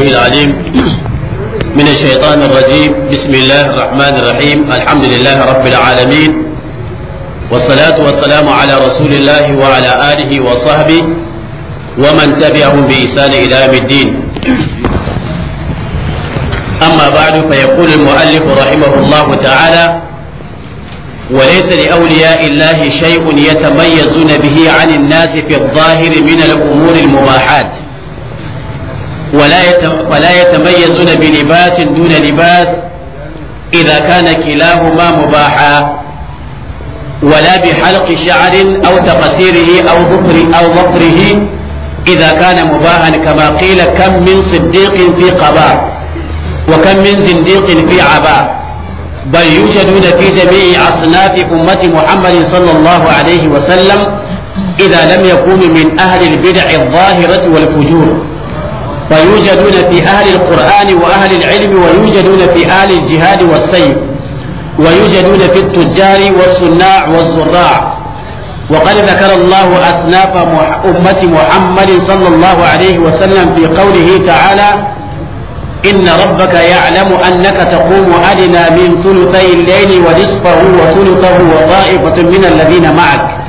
العليم من الشيطان الرجيم بسم الله الرحمن الرحيم الحمد لله رب العالمين والصلاة والسلام على رسول الله وعلى آله وصحبه ومن تبعهم بإحسان إلى يوم الدين أما بعد فيقول المؤلف رحمه الله تعالى وليس لأولياء الله شيء يتميزون به عن الناس في الظاهر من الأمور المباحات ولا ولا يتميزون بلباس دون لباس إذا كان كلاهما مباحا ولا بحلق شعر أو تقصيره أو ظفر أو ظفره إذا كان مباحا كما قيل كم من صديق في قباء وكم من زنديق في عباء بل يوجدون في جميع أصناف أمة محمد صلى الله عليه وسلم إذا لم يكونوا من أهل البدع الظاهرة والفجور فيوجدون في أهل القرآن وأهل العلم ويوجدون في أهل الجهاد والسيف ويوجدون في التجار والصناع والزراع وقد ذكر الله أصناف أمة محمد صلى الله عليه وسلم في قوله تعالى إن ربك يعلم أنك تقوم أدنى من ثلثي الليل ونصفه وثلثه وطائفة من الذين معك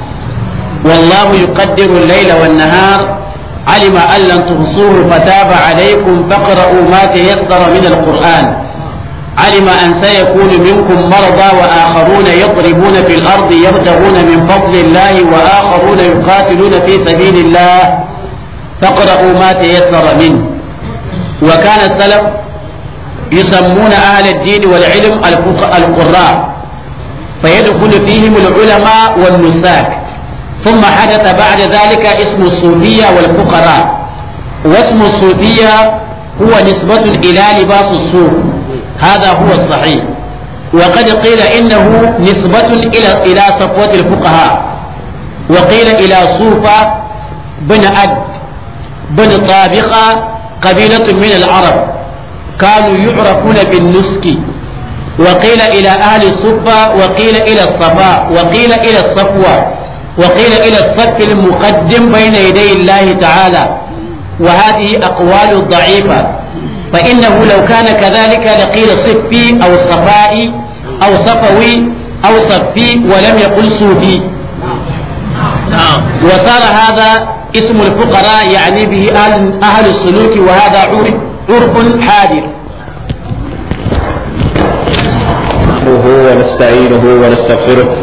والله يقدر الليل والنهار علم أن لن تحصوه فتاب عليكم فاقرأوا ما تيسر من القرآن علم أن سيكون منكم مرضى وآخرون يضربون في الأرض يبتغون من فضل الله وآخرون يقاتلون في سبيل الله فاقرأوا ما تيسر منه وكان السلف يسمون أهل الدين والعلم القراء فيدخل فيهم العلماء والنساك ثم حدث بعد ذلك اسم الصوفية والفقراء واسم الصوفية هو نسبة إلى لباس الصوف هذا هو الصحيح وقد قيل إنه نسبة إلى إلى صفوة الفقهاء وقيل إلى صوفة بن أد بن طابقة قبيلة من العرب كانوا يعرفون بالنسك وقيل إلى أهل الصفة وقيل إلى الصفاء وقيل إلى الصفوة وقيل إلى الصف المقدم بين يدي الله تعالى وهذه أقوال ضعيفة فإنه لو كان كذلك لقيل صفي أو صفائي أو صفوي أو صفي ولم يقل صوفي نعم. وصار هذا اسم الفقراء يعني به أهل السلوك وهذا عرف حادث نحمده ونستعينه ونستغفره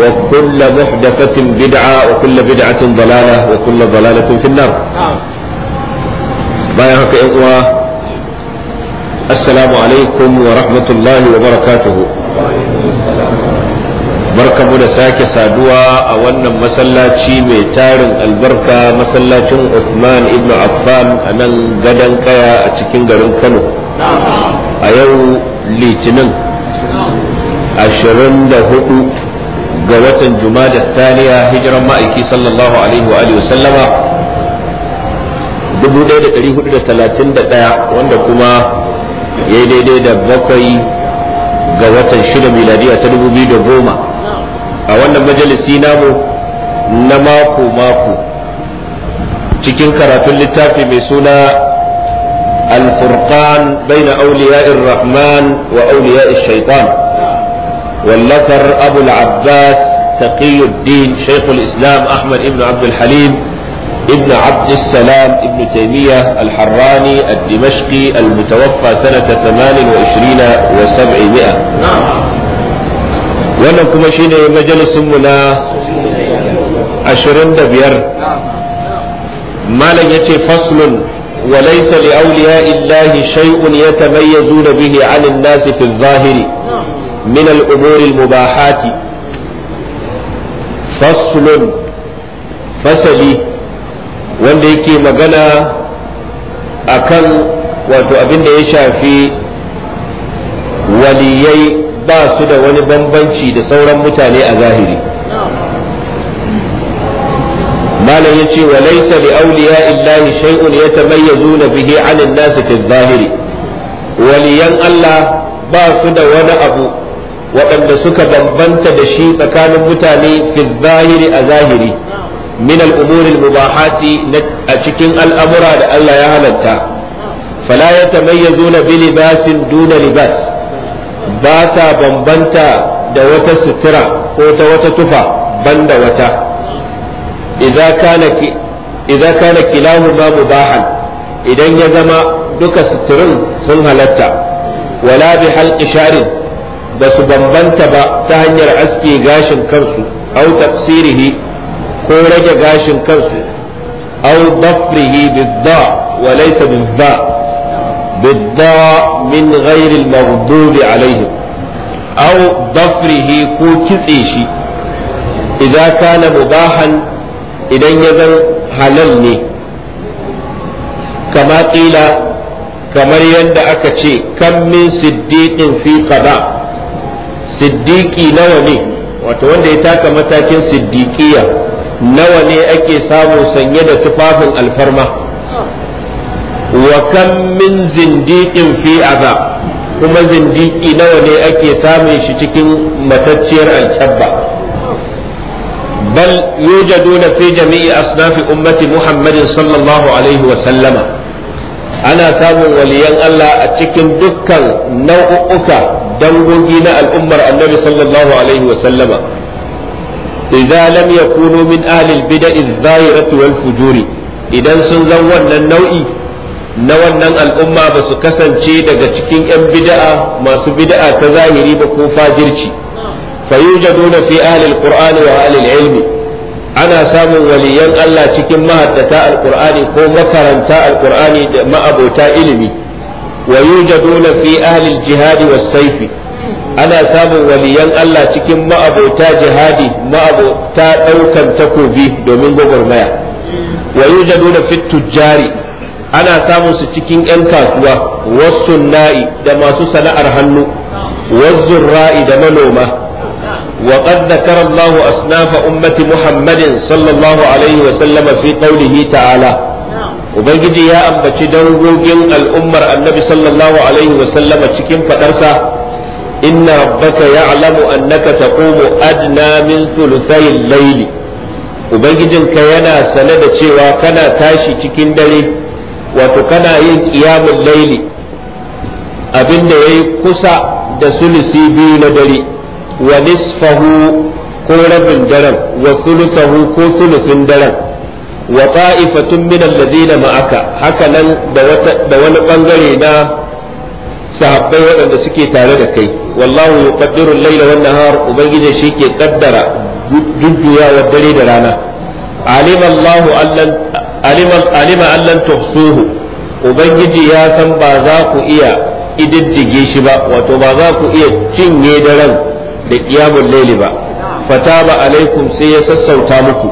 وكل محدثة بدعة وكل بدعة ضلالة وكل ضلالة في النار بايا إخوة السلام عليكم ورحمة الله وبركاته barka mu da sake saduwa a wannan masallaci mai tarin albarka masallacin usman ibnu Affan a nan gadon kaya a cikin garin Kano a yau litinin hudu. ga watan jumada thaniya hijiran ma'aiki sallallahu alaihi wa alihi sallama 1431 wanda kuma ya yi daidai da bakwai ga watan shida miladiya ta dubu biyu da goma. a wannan majalisi namu na mako-mako cikin karatun littafi mai suna الفرقان بين أولياء الرحمن وأولياء الشيطان واللتر أبو العباس تقي الدين شيخ الإسلام أحمد بن عبد الحليم ابن عبد السلام ابن تيمية الحراني الدمشقي المتوفى سنة ثمان وعشرين وسبعمائة wannan kuma shine majalisinmu na ashirin da biyar malam ya ce faslun walaisa li auliya illahi shay'un yatamayyazuna bihi 'ala an-nasi fi adh-dhahiri من الأمور المباحات فصل fasali, wanda yake magana a kan wato abin da ya shafi waliyai ba su da wani bambanci da sauran mutane a zahiri malam ya ce wa laisa li auliya illahi shay'un yatamayyazuna bihi 'ala an-nas fi zahiri waliyan Allah ba su da wani abu waɗanda suka bambanta da shi tsakanin mutane fi zahiri a zahiri min al'umurin mubahati a cikin al'amura da Allah ya halatta fala ya tamayyazu na bi libasin duna libas ba sa bambanta da wata sutura ko ta wata tufa banda wata idza kana ma mubahan idan ya zama duka suturin sun halatta wala bi halqi sharin ba su bambanta ba ta hanyar aske gashin kansu au tafsirihi ko rage gashin kansu au dafrihi bidda wa laysa bidda bidda min ghairi al-maghdubi au dafrihi ko kitse shi idan kana mubahan idan ya zan halal ne kama kila kamar yadda aka ce kan min siddiqin fi qada' siddiqi nawa ne wato wanda ya taka matakin siddiqiya nawa ne ake samu sanye da tufafin alfarma wa kam min zindiqin fi azab kuma zindiki nawa ne ake samun shi cikin matacciyar alcabba bal yujaduna fi jami'i asnafi ummati muhammadin sallallahu alaihi wa sallama ana samun waliyan Allah a cikin dukkan nau'uka dangogi na al'ummar annabi sallallahu alaihi wa sallama idza lam yakunu min ahli al adh-dhahirati wal fujuri idan sun zan wannan nau'i na wannan al'umma ba su kasance daga cikin 'yan bid'a masu bid'a ta zahiri ba ko fajirci fayujaduna fi ahli al-qur'ani wa ahli al-ilmi ana samun waliyan Allah cikin mahaddata alqur'ani ko makaranta alkur'ani da ma'abota ilimi wa yujaduna fi ahli al was-sayf ana samun waliyan Allah cikin ma'abota jihadi ma'abota daukan takobi domin gwagwarmaya wa yujaduna fi tujjari ana samun su cikin 'yan kasuwa wasu na'i da masu sana'ar hannu wasu ra'i da manoma وقد ذكر الله أصناف أمة محمد صلى الله عليه وسلم في Ubangiji ya ambaci dangogin al'ummar annabi sallallahu cikin faɗarsa, inna rabbaka ya'lamu annaka taqumu adna min thuluthayin laili ka yana sane da cewa kana tashi cikin dare, wato kana yin ƙiyamin laili, abinda ya yi kusa da sulusi biyu na dare. wa ko rabin daren wa sulusahu ko sulusin daren wa ta'ifatun min alladhina ma'aka haka nan da wani bangare na sahabbai waɗanda suke tare da kai wallahu yuqaddiru al-layla wan nahar ubangiji shi ke kaddara wa dare da rana alima Allahu allan alima alima allan tuhsuhu ubangiji ya san ba za ku iya ididdige shi ba wato ba za ku iya cinye daren da qiyamul layli ba fataba alaikum sai ya sassauta muku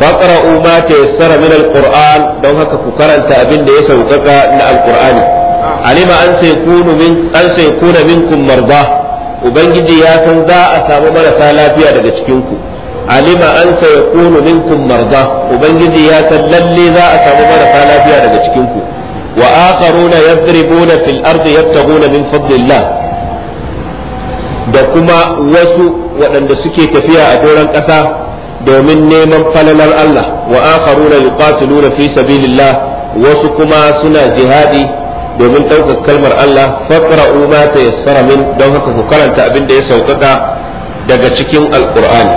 faqra'u ma tayassara min alquran don haka ku karanta abin da ya sauƙaƙa na alqur'ani alima an sai kunu min an sai kuna minkum marda ubangiji ya san za a samu marasa lafiya daga cikin ku alima an sai kunu minkum marda ubangiji ya san lalle za a samu marasa lafiya daga cikin ku wa akharuna yadribuna fil ardi yabtaguna min fadlillah da kuma wasu waɗanda suke tafiya a doron ƙasa domin neman falalar Allah wa akharuna yuqatiluna fi sabilillah wasu kuma suna jihadi domin ɗaukar kalmar Allah faqra'u ma tayassara min don haka ku karanta abin da ya sauƙaƙa daga cikin alqur'ani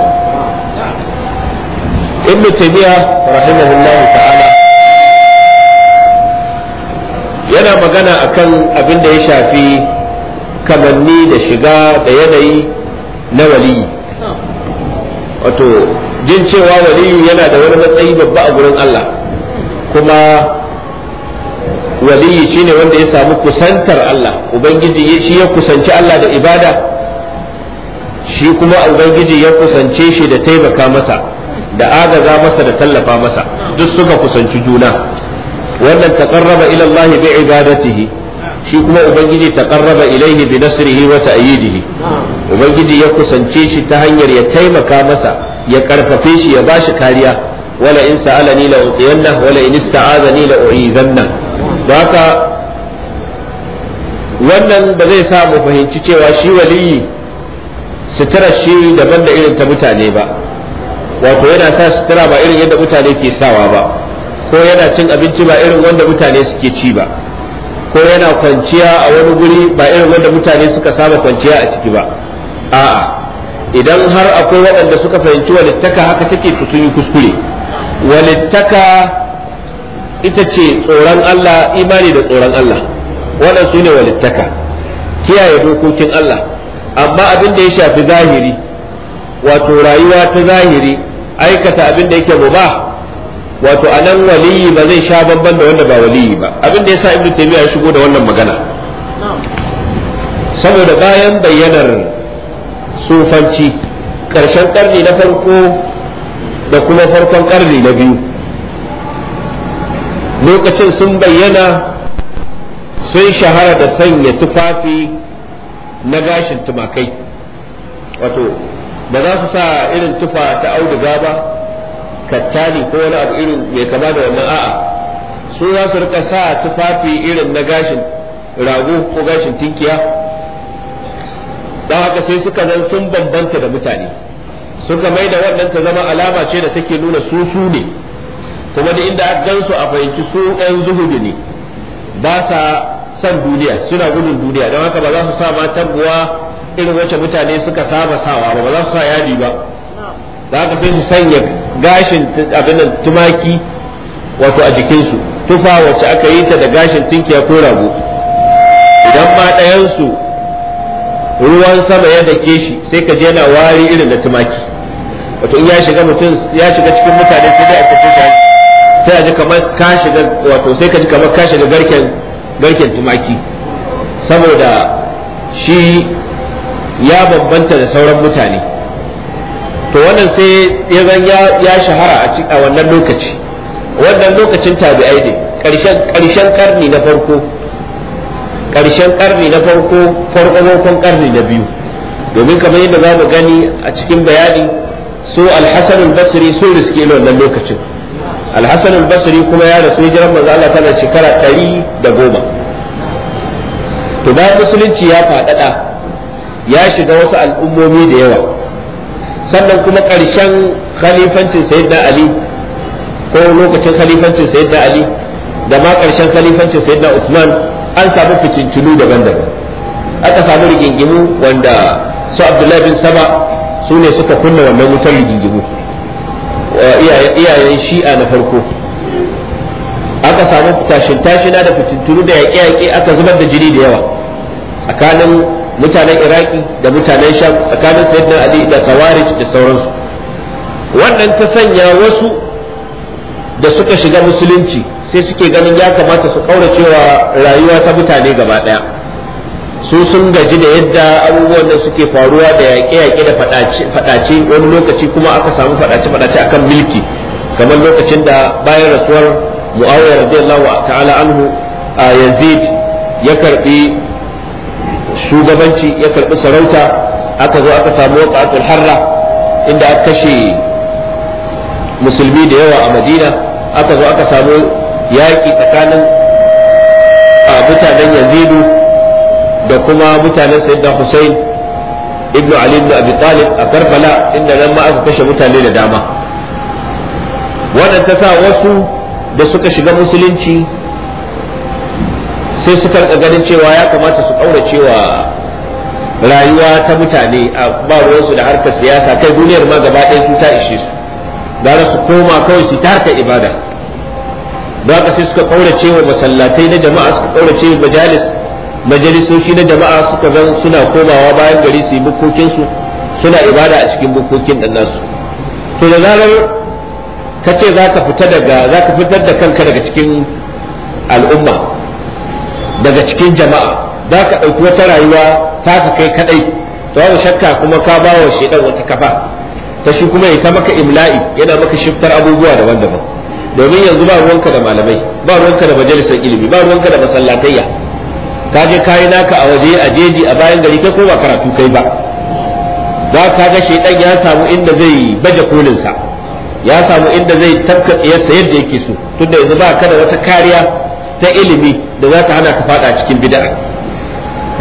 ibn tabiya rahimahullahu ta'ala yana magana akan abin da ya shafi kamanni da shiga da yanayi na waliyi wato jin cewa waliyu yana da wani matsayi babba a gurin Allah kuma waliyi shine wanda ya samu kusantar Allah ubangiji shi ya kusanci Allah da ibada shi kuma ubangiji ya kusance shi da taimaka masa da agaza masa da tallafa masa duk suka kusanci juna wannan taqarraba ila Allah bi ibadatihi shi kuma ubangiji ta ƙarraba ilaihi bi nasrihi wa ta'yidihi ubangiji ya kusance shi ta hanyar ya taimaka masa ya karfafe shi ya bashi kariya wala in sa'alani la uqiyanna wala in ista'azani la u'izanna haka wannan ba zai sa mu fahimci cewa shi waliyi sutura shi daban da irin ta mutane ba wato yana sa sutura ba irin yadda mutane ke sawa ba ko yana cin abinci ba irin wanda mutane suke ci ba ko yana kwanciya a wani guri ba irin wanda mutane suka saba kwanciya a ciki ba a'a idan har akwai waɗanda suka fahimci walittaka haka take sun yi kuskure walittaka ita ce tsoron Allah imani da tsoron Allah waɗansu ne walittaka kiyaye dokokin Allah amma abin da ya shafi zahiri wato rayuwa ta zahiri aikata abin da yake mubah wato anan waliyi ba zai sha babban da wanda ba waliyi ba abin da sa ibnu taymiya ya shigo da wannan magana saboda bayan bayyanar sufanci karshen karni na farko da kuma farkon karni na biyu lokacin sun bayyana sun shahara da sanya tufafi na gashin tumakai wato ba za su sa irin tufa ta auduga ba kattani ko wani abu irin mai kama da wannan a'a su za su rika sa tufafi irin na gashin rago ko gashin tinkiya don haka sai suka zan sun bambanta da mutane suka mai da wannan ta zama alama ce da take nuna su su ne kuma da inda aka gansu a fahimci su ɗan zuhudu ne ba sa san duniya suna gudun duniya don haka ba za su sa ma tabbuwa irin wacce mutane suka saba sawa ba ba za su sa yadi ba za ka sai su sanya gashin abin tumaki wato a jikinsu tufa wacce aka yi ta da gashin tinkiya ko rago idan ma ɗayansu ruwan sama ya dake shi sai ka je na wari irin da tumaki wato in ya shiga mutum ya shiga cikin mutane sai dai a cikin shi sai a ji kamar ka shiga wato sai ka ji kamar ka shiga garken garken tumaki saboda shi ya bambanta da sauran mutane to wannan sai ya zan ya shahara a wannan lokaci wannan lokacin tabi'ai ne ƙarshen karni na farko ƙarshen karni na farko farkon karni na biyu domin kamar yadda za mu gani a cikin bayani su alhassan basri so riske ne wannan lokacin alhassan Basiri kuma ya rasu hijiran manzo Allah tana shekara ɗari da goma to bayan musulunci ya faɗaɗa ya shiga wasu al'ummomi da yawa sannan kuma ƙarshen khalifancin sayyidina ali ko lokacin khalifancin sayyidina ali da ma ƙarshen khalifancin sayyidina usman an samu fitintunu daban-daban aka samu rigingimu wanda su abdullahi bin saba su ne suka kunna wannan wutar rigingimu iyayen shi'a na farko aka samu tashin tashina da fitintunu da yaƙe-yaƙe aka zubar da jini da yawa tsakanin mutanen iraki da mutanen sham tsakanin sayyidina ali da kawarij da sauransu wannan ta sanya wasu da suka shiga musulunci sai suke ganin ya kamata su kaura cewa rayuwa ta mutane gaba daya su sun gaji da yadda abubuwan da suke faruwa da yaƙe-yaƙe da faɗace wani lokaci kuma aka samu faɗace-faɗace akan milki kamar lokacin da bayan rasuwar mu'awiyar radiyallahu ta'ala anhu a yazid ya karbi shugabanci ya karbi sarauta aka zo aka samu waqatul harra inda aka kashe musulmi da yawa a madina aka zo aka samu yaƙi tsakanin mutanen yazidu da kuma mutanen sayyidina husain ibnu ali ibn abi talib a karbala inda nan ma aka kashe mutane da dama waɗanda ta sa wasu da suka shiga musulunci sai suka ganin cewa ya kamata su ƙaura cewa rayuwa ta mutane a ba ruwansu da harkar siyasa kai duniyar ma gaba ɗaya su ta ishe su gara su koma kawai su ta harkar ibada ba ka sai suka ƙaura cewa masallatai na jama'a suka ƙaura cewa majalis majalisoshi na jama'a suka zan suna komawa bayan gari su yi bukkokinsu suna ibada a cikin bukokin ɗan nasu to da zarar ka ce za ka fita daga za ka fitar da kanka daga cikin al'umma daga cikin jama'a za ka ɗauki wata rayuwa ta ka kai kaɗai to babu shakka kuma ka ba wa shaidan wata kafa ta shi kuma ya ta maka imla'i yana maka shiftar abubuwa daban-daban domin yanzu ba ruwanka da malamai ba ruwanka da majalisar ilimi ba ruwanka da masallatayya ka je kayi naka a waje a jeji a bayan gari kai ko ba karatu kai ba za ka ga shaidan ya samu inda zai baje kolinsa ya samu inda zai tafka yadda yake so tunda yanzu ba ka da wata kariya ta ilimi da za ta hana ka fada cikin bid'a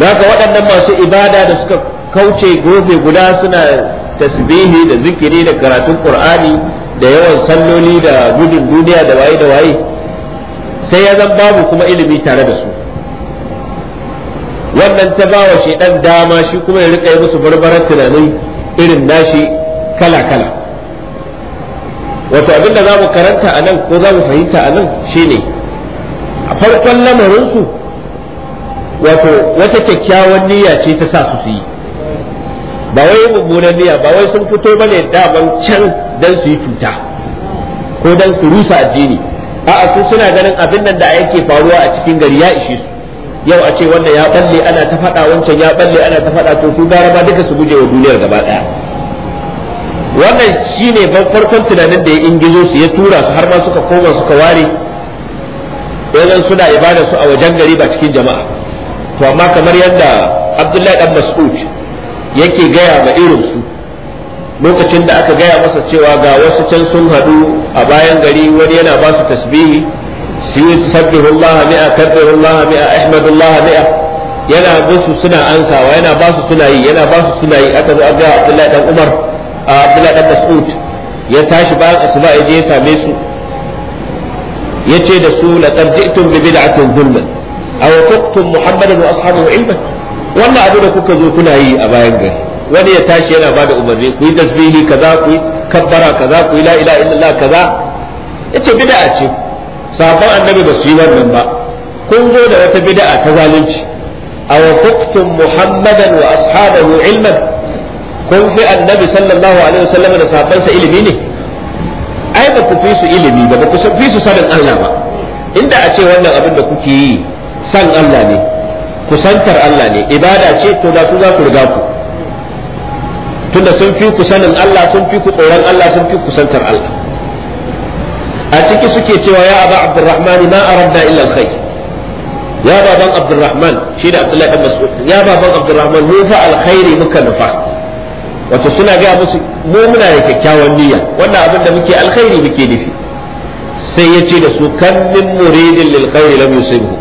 da ka waɗannan masu ibada da suka kauce gobe guda suna tasbihi da zikiri da karatun qur'ani da yawan salloli da gudun duniya da waye da waye sai ya zan babu kuma ilimi tare da su wannan ta ba wa ɗan dama shi kuma ya rika yi musu barbarar tunani irin nashi kala-kala wato abinda da za mu karanta a nan ko za mu fahimta a nan shine a farkon lamarinsu wato wata kyakkyawan niyya ce ta sa su su yi ba wai mummunan niyya ba wai sun fito ba ne daman can don su yi cuta ko don su rusa addini a'a su suna ganin abin nan da yake faruwa a cikin gari ya ishe su yau a ce wannan ya balle ana ta faɗa wancan ya balle ana ta faɗa to su gara ba duka su guje wa duniyar gaba ɗaya wannan shine ban farkon tunanin da ya ingizo su ya tura su har ma suka koma suka ware wajen suna ibada su a wajen gari ba cikin jama'a to amma kamar yadda abdullahi dan mas'ud yake gaya ma irin su lokacin da aka gaya masa cewa ga wasu can sun haɗu a bayan gari wani yana ba su tasbihi su yi sabbihullaha mi'a kabbihullaha mi'a ahmadullaha mi'a yana musu suna ansawa yana ba su suna yi yana ba su suna yi aka zo a gaya abdullahi dan umar abdullahi dan mas'ud ya tashi bayan asuba ya je ya same su yace da su laqad ji'tum bi bid'atin zulman aw kuntum muhammadan wa ashabahu ilman wannan abu da kuka zo kuna yi a bayan gari wani ya tashi yana bada umarni ku yi tasbihi kaza ku yi kabbara kaza ku yi la ilaha illallah kaza yace bid'a ce sahabban annabi ba su yi wannan ba kun zo da wata bid'a ta zalunci aw kuntum muhammadan wa ashabahu ilman kun fi annabi sallallahu alaihi wasallam da sahabbansa ilimi ne ai ba ku fi su ilimi ba ba ku fi su sanin Allah ba inda a ce wannan abin da kuke yi san Allah ne kusantar Allah ne ibada ce to da su za ku riga ku tunda sun fi ku sanin Allah sun fi ku tsoron Allah sun fi kusantar Allah a ciki suke cewa ya aba abdurrahman ma aradna illa alkhair ya baban abdurrahman shi da abdullahi ibn mas'ud ya baban abdurrahman mu fa alkhairi muka nufa wato suna gaya musu mu muna da kyakkyawan niyya wannan abin da muke alkhairi muke nufi sai ya ce da su kan min muridin lil khairi lam yusibhu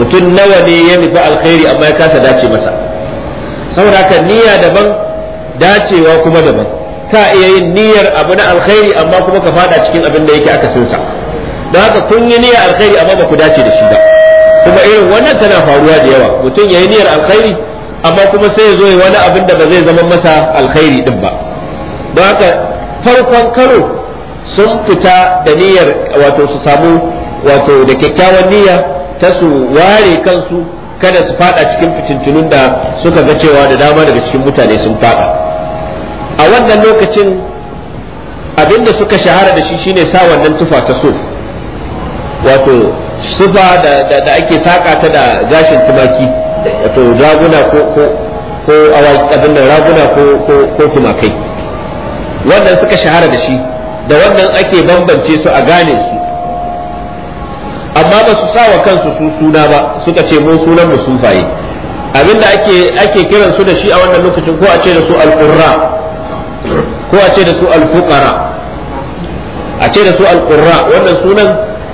mutum nawa ne ya nufi alkhairi amma ya kasa dace masa saboda haka niyya daban dacewa kuma daban ka iya yin niyyar abu na alkhairi amma kuma ka fada cikin abin da yake aka sinsa don haka kun yi niyyar alkhairi amma ba ku dace da shi ba kuma irin wannan tana faruwa da yawa mutum ya yi niyyar alkhairi amma kuma sai ya zo ya wani abin da ba zai zama masa alkhairi din ba don haka farkon karo sun fita da niyyar wato su samu wato da kyakkyawan niyya ta su ware kansu kada su fada cikin fitintunun da suka ga cewa da dama daga cikin mutane sun fada a wannan lokacin abin da suka shahara da shi shine sa wannan tufa ta so wato sufa da ake saka ta da gashin tumaki to raguna ko ko ko awaki abin nan raguna ko ko ko tumakai wannan suka shahara da shi da wannan ake bambance su a gane su amma ba su sawa kansu su suna ba suka ce mu sunan mu sufaye abinda ake ake kiran su da shi a wannan lokacin ko a ce da su alqurra ko a ce da su alfuqara a ce da su alqurra wannan sunan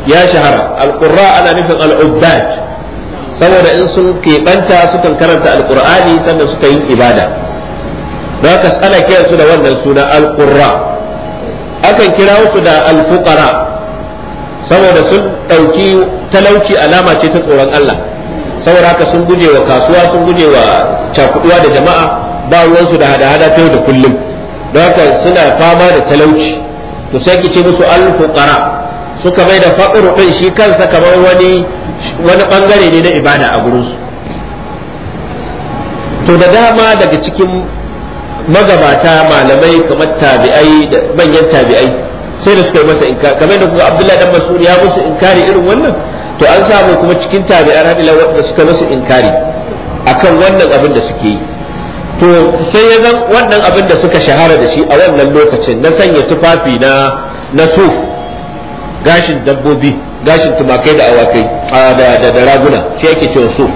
ya shahara alqurra ana nufin al'ubbad saboda in sun keɓanta sukan karanta alqur'ani sannan suka yi ibada don ka ana kiran su da wannan suna alqurra akan kira su da alfuqara saboda sun ɗauki talauci alama ce ta tsoron Allah saboda haka sun guje wa kasuwa sun guje wa cakuduwa da jama'a ba ruwansu da hada-hada ta yau da kullum don haka suna fama da talauci to sai ki ce musu alfuqara suka mai da faɗin ɗin shi kansa kamar wani wani bangare ne na ibada a gurinsu to da dama daga cikin magabata malamai kamar tabi'ai da manyan tabi'ai sai da suka yi masa inkari kamar da kuma abdullahi dan masu ya musu inkari irin wannan to an samu kuma cikin tabi'an hadila wanda suka musu inkari akan wannan abin da suke yi to sai ya zan wannan abin da suka shahara da shi a wannan lokacin na sanya tufafi na na suf gashin dabbobi gashin tumakai da awakai da da raguna sai yake cewa so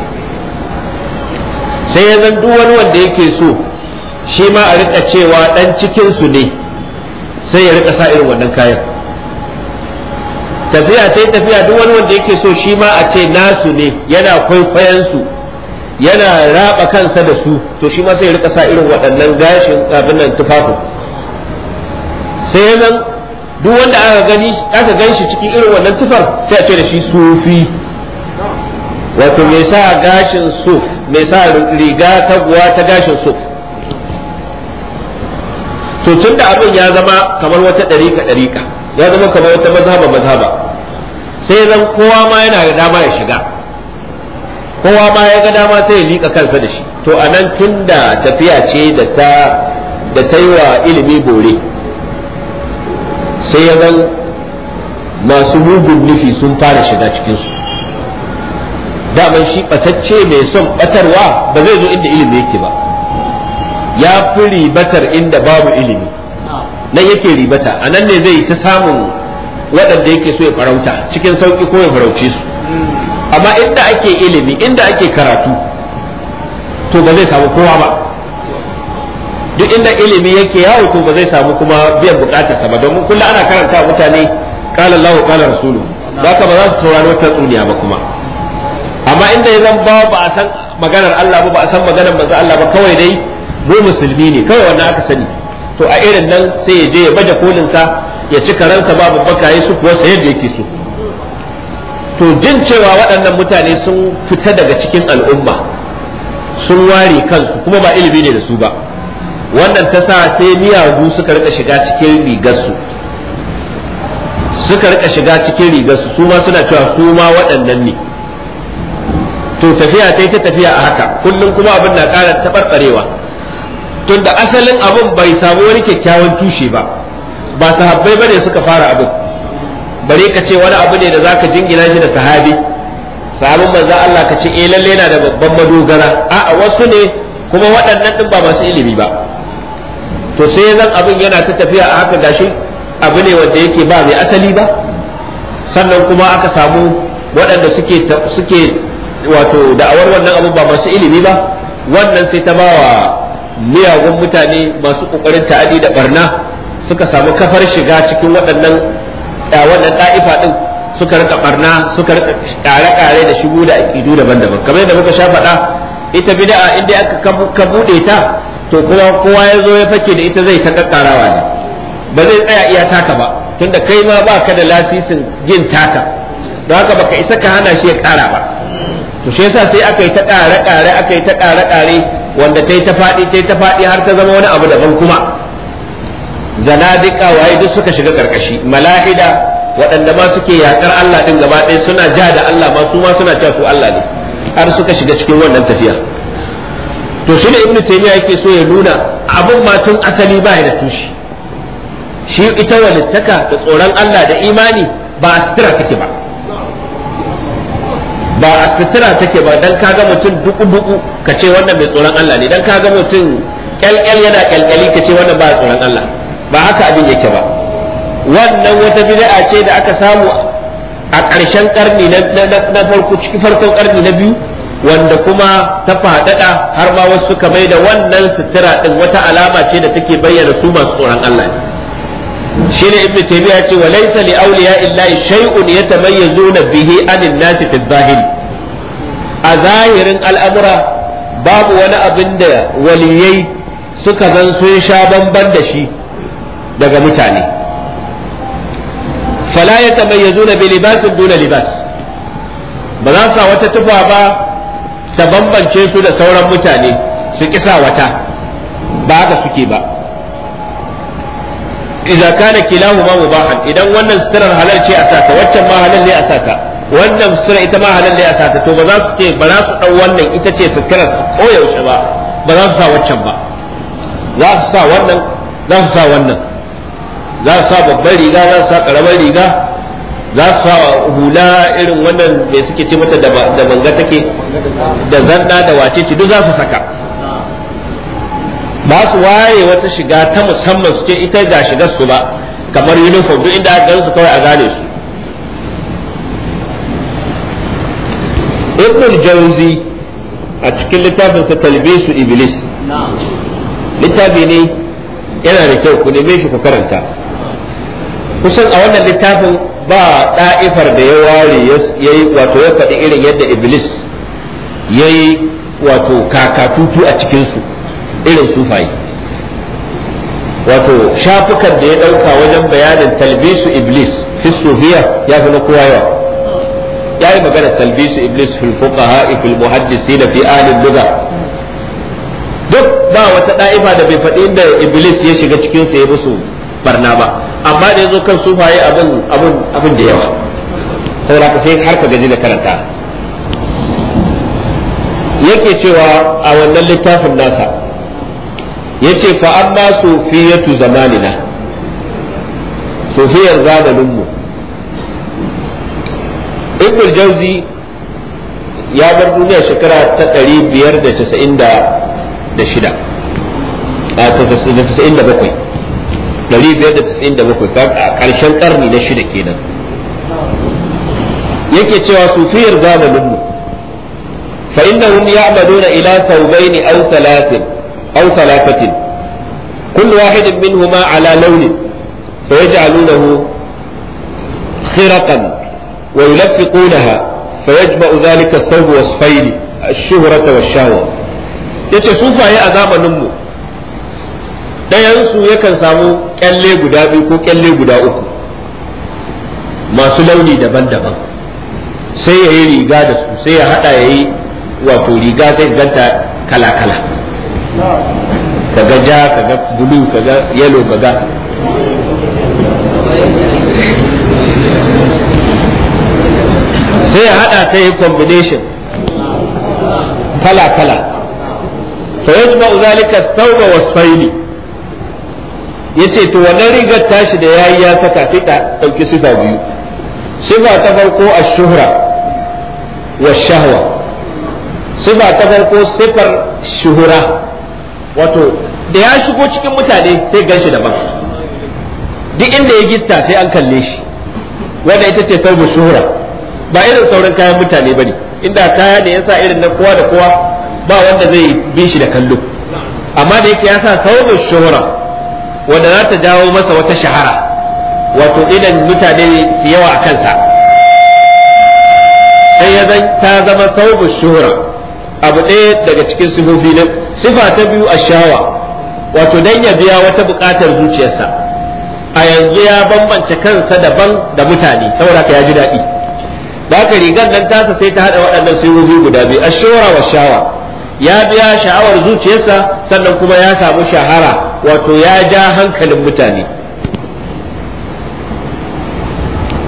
sai ya zan duk wani wanda yake so shi ma a rika cewa dan cikin su ne sai ya rika sa irin wannan kayan tafiya ta tafiya duk wani wanda yake so shi ma a ce nasu ne yana kwaikwayan su yana raba kansa da su to shi ma sai ya rika sa irin waɗannan gashin abin nan tufafin sai ya zan duk wanda aka gani aka gan shi cikin irin wannan tufar sai a ce da shi sufi wato mai sa gashin suf mai sa riga taguwa ta gashin suf to tun da abin ya zama kamar wata ɗariƙa ɗariƙa ya zama kamar wata mazhaba mazhaba sai zan kowa ma yana da dama ya shiga kowa ma ya ga dama sai ya liƙa kansa da shi to anan tun da tafiya ce da ta da ta yi wa ilimi bore sai ya zan masu mugun nufi sun fara shiga cikinsu daman shi batacce mai son batarwa ba zai zo inda ilimi yake ba ya fi ribatar inda babu ilimi nan yake ribata a nan ne zai ta samun waɗanda yake so ya farauta cikin sauƙi ko ya farauce su amma inda ake ilimi inda ake karatu to ba zai samu kowa ba duk inda ilimi yake yawo to ba zai samu kuma biyan sa, ba domin kula ana karanta mutane qala Allahu qala rasulu haka ba za su saurari wata tsuniya ba kuma amma inda ya zan ba ba a san maganar Allah ba ba a san maganar manzo Allah ba kawai dai mu musulmi ne kawai wanda aka sani to a irin nan sai ya je ya baje kolin sa ya ci karansa ba baka yi su kuwa sai yadda yake so to jin cewa waɗannan mutane sun fita daga cikin al'umma sun ware kansu kuma ba ilimi ne da su ba wannan ta sa sai miyagu suka rika shiga cikin rigarsu suka rika shiga cikin rigarsu su ma suna cewa su ma waɗannan ne to tafiya ta ta tafiya a haka kullum kuma abin na ƙara taɓarɓarewa tun da asalin abin bai samu wani kyakkyawan tushe ba ba sahabbai ba ne suka fara abin bare ka ce wani abu ne da zaka jingina shi da sahabi sahabin manzo Allah ka ce eh lalle yana da babban madogara a'a wasu ne kuma waɗannan din ba masu ilimi ba to sai zan abin yana ta tafiya a haka gashi abu ne wanda yake ba mai asali ba sannan kuma aka samu waɗanda suke suke wato da'awar wannan abu ba masu ilimi ba wannan sai ta bawa miyagun mutane masu kokarin ta'adi da barna suka samu kafar shiga cikin waɗannan wannan ɗa'ifa ɗin suka rika barna suka rika ƙare kare da shigo da aƙidu daban-daban kamar yadda muka sha faɗa ita bid'a inda aka ka buɗe ta to kuma kowa ya zo ya fake da ita zai ta kakkarawa ne ba zai tsaya iya taka ba tunda kai ma ba ka da lasisin jin taka don haka baka isa ka hana shi ya kara ba to shi yasa sai aka yi ta kare kare aka yi ta kare kare wanda ta yi ta faɗi ta yi ta faɗi har ta zama wani abu daban kuma zanadika waye duk suka shiga karkashi mala'ida waɗanda ma suke yakar Allah din gaba ɗaya suna ja da Allah ma su ma suna cewa su Allah ne har suka shiga cikin wannan tafiya to shi ne ibnu taymiya yake so ya nuna abin ma tun asali ba da tushi shi ita walittaka da tsoron Allah da imani ba a sutura take ba ba a sutura take ba dan kaga mutum duku duku ka ce wannan mai tsoron Allah ne dan kaga mutum kyalkyal yana kyalkyali ka ce wannan ba tsoron Allah ba haka abin yake ba wannan wata bid'a ce da aka samu a ƙarshen karni na farko cikin farkon karni na biyu wanda kuma ta fadada har ma wasu suka mai da wannan sutura din wata alama ce da take bayyana su masu tsoron Allah ne Ibn taymiya ce wa laysa li awliya illahi shay'un yatamayyazuna bihi anin nasi fi zahiri a zahirin al'amura babu wani abin da waliyai suka zan sun sha bamban da shi daga mutane fala yatamayyazuna bi libasin duna libas ba za su wata tufa ba ta bambance su da sauran mutane su kisa wata ba haka suke ba idan kana ma mubahan idan wannan sirar halal ce a sata waccan ma halal ne a sata wannan sirar ita ma halal ne a sata to ba za su ce ba za su dau wannan ita ce ko yaushe ba ba za su sa waccan ba za su sa wannan za su sa wannan za su sa babbar riga za su sa karamar riga za su sa hula irin wannan mai suke ce mata da banga take da zanda da wace ce duk za su saka ba su waye wata shiga ta musamman su ce ita ga shigar su ba kamar uniform duk inda aka su kawai a gane su ibn jauzi a cikin littafin sa talbisu iblis littafi ne yana da kyau ku neme shi ku karanta kusan a wannan littafin ba ɗa'ifar da ya ware ya yi wato ya faɗi irin yadda iblis ya yi wato kakatutu a cikinsu irin sufaye. wato shafukan da ya ɗauka wajen bayanin talbisu iblis fi sufiya ya fi na kowa yawa ya yi magana talbisu iblis fil fuqaha fil muhaddisi da fi alin duga duk ba wata ɗa'ifa da bai faɗi inda iblis ya shiga cikinsu ya musu barna ba amma da yazo kan sufaye abin abin abin da yawa ka sai har ka gaji da karanta yake cewa a wannan littafin nasa yace fa amma sufiyatu zamanina sufiyar zamaninmu ibn jauzi ya bar duniya shekara ta ɗari biyar da casa'in da shida a casa'in da bakwai 597 a karshen ƙarni na shida kenan yake cewa sufiyar zamaninmu fa innahum ya'maluna ila thawbayn aw thalathin aw thalathatin كل واحد منهما على لون فيجعلونه خرقا ويلفقونها فيجمع ذلك a وصفين الشهرة والشهوة yace sufaye a zamaninmu ɗayansu yakan samu kyalle guda biyu ko kyalle guda uku masu launi daban-daban sai ya yi riga da su sai ya haɗa ya yi wato riga zai ganta kala-kala kaga ja kaga bulu kaga yalo kaga sai ya haɗa ta yi combination kala-kala fa yajma'u zalika thawba wasfaili yace to wannan rigar tashi da yayi ya saka sai ta dauki sifa biyu sifa ta farko ash-shuhra wa shahwa sifa ta farko sifar shuhra. wato da ya shigo cikin mutane sai ganshi daban duk inda ya gitta sai an kalle shi wanda ita ce sarbu shuhra. ba irin sauran kayan mutane bane inda kaya ne yasa irin na kowa da kowa ba wanda zai bi shi da kallo amma da yake ya sa sauran shuhra. wanda za ta jawo masa wata shahara wato idan mutane su yawa a kansa sai ya zan ta zama saubin shuhura abu ɗaya daga cikin sufofi na sifa ta biyu a shawa wato dan ya biya wata buƙatar zuciyarsa a yanzu ya bambance kansa daban da mutane saboda ka ya ji daɗi ba ka rigar nan tasa sai ta haɗa waɗannan sufofi guda biyu a shura wa shawa ya biya sha'awar zuciyarsa sannan kuma ya samu shahara wato ya ja hankalin mutane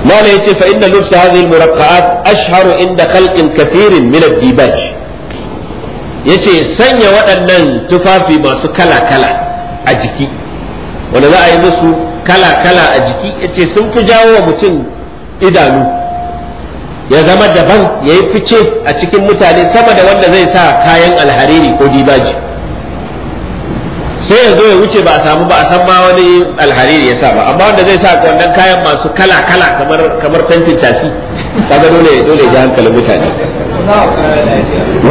mala ce, fa inda lubsa hadhihi al-muraqqa'at ashharu inda khalqin kathirin min ad-dibaj yace sanya waɗannan tufafi masu kala-kala a jiki wanda za a yi musu kala-kala a jiki yace sun fi jawo wa mutum idanu ya zama daban ya yi fice a cikin mutane sama da wanda zai sa kayan alhariri ko dibaji sai ya zo ya wuce ba a samu ba a san ma wani alhariri ya sa ba amma wanda zai sa wannan kayan masu kala kala kamar kamar tantin tasi kaga dole dole ya ji hankalin mutane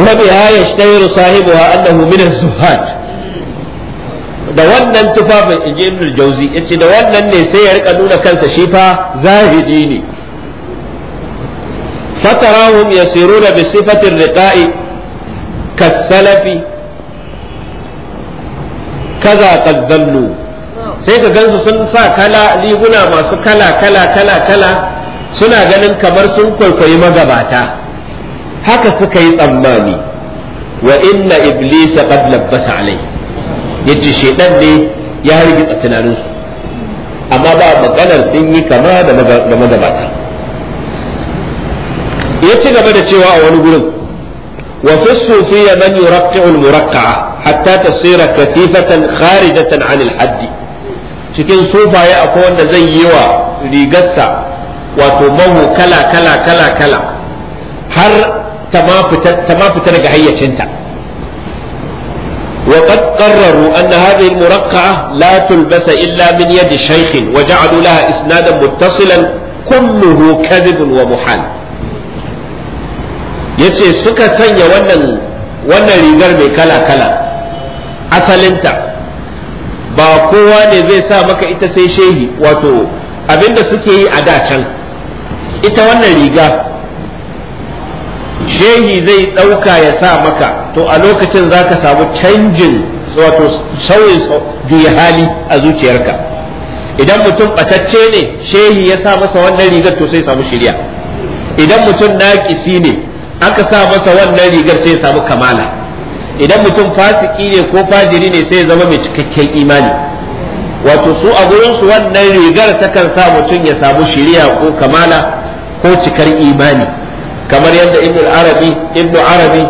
nabi ha yashtahiru sahibuha annahu min az-zuhat da wannan tufafin inji ibn al-jawzi yace da wannan ne sai ya rika nuna kansa shi fa zahidi ne fatarahum ya bi da ar-riqa'i salafi kaza qad sai ka gansu sun sa kala riguna masu kala kala kala kala suna ganin kamar sun kwaikwayi magabata haka suka yi tsammani wa inna iblisa qad labbasa alai yace shedan ne ya hargitsa tunaninsu amma ba maganar sun yi kama da magabata ya ci gaba da cewa a wani gurin wa fi sufiya man yuraqqi'ul muraqqa حتى تصير كثيفة خارجة عن الحد cikin sufa ya akwai wanda zai yi wa rigarsa wato mahu kala kala kala kala har ta ma daga hayyacinta wa qad qarraru anna hadhihi la tulbasa illa min yadi shaykhin wa ja'alu laha isnadan muttasilan kulluhu kadhib wa muhal yace suka sanya wannan rigar mai kala kala asalinta ba kowa ne zai sa maka ita sai shehi wato abinda suke yi a dacan ita wannan riga shehi zai ɗauka ya sa maka to a lokacin za ka samu canjin wato sauyin juya hali a zuciyarka idan mutum ɓatacce ne shehi ya sa masa wannan rigar to sai samu shirya idan mutum naƙisi ne aka sa masa wannan rigar sai samu kamala idan mutum fasiki ne ko fajiri ne sai ya zama mai cikakken imani wato su a gurin su wannan rigar takan sa mutum ya samu shiriya ko kamala ko cikar imani kamar yadda ibnu arabi ibnu arabi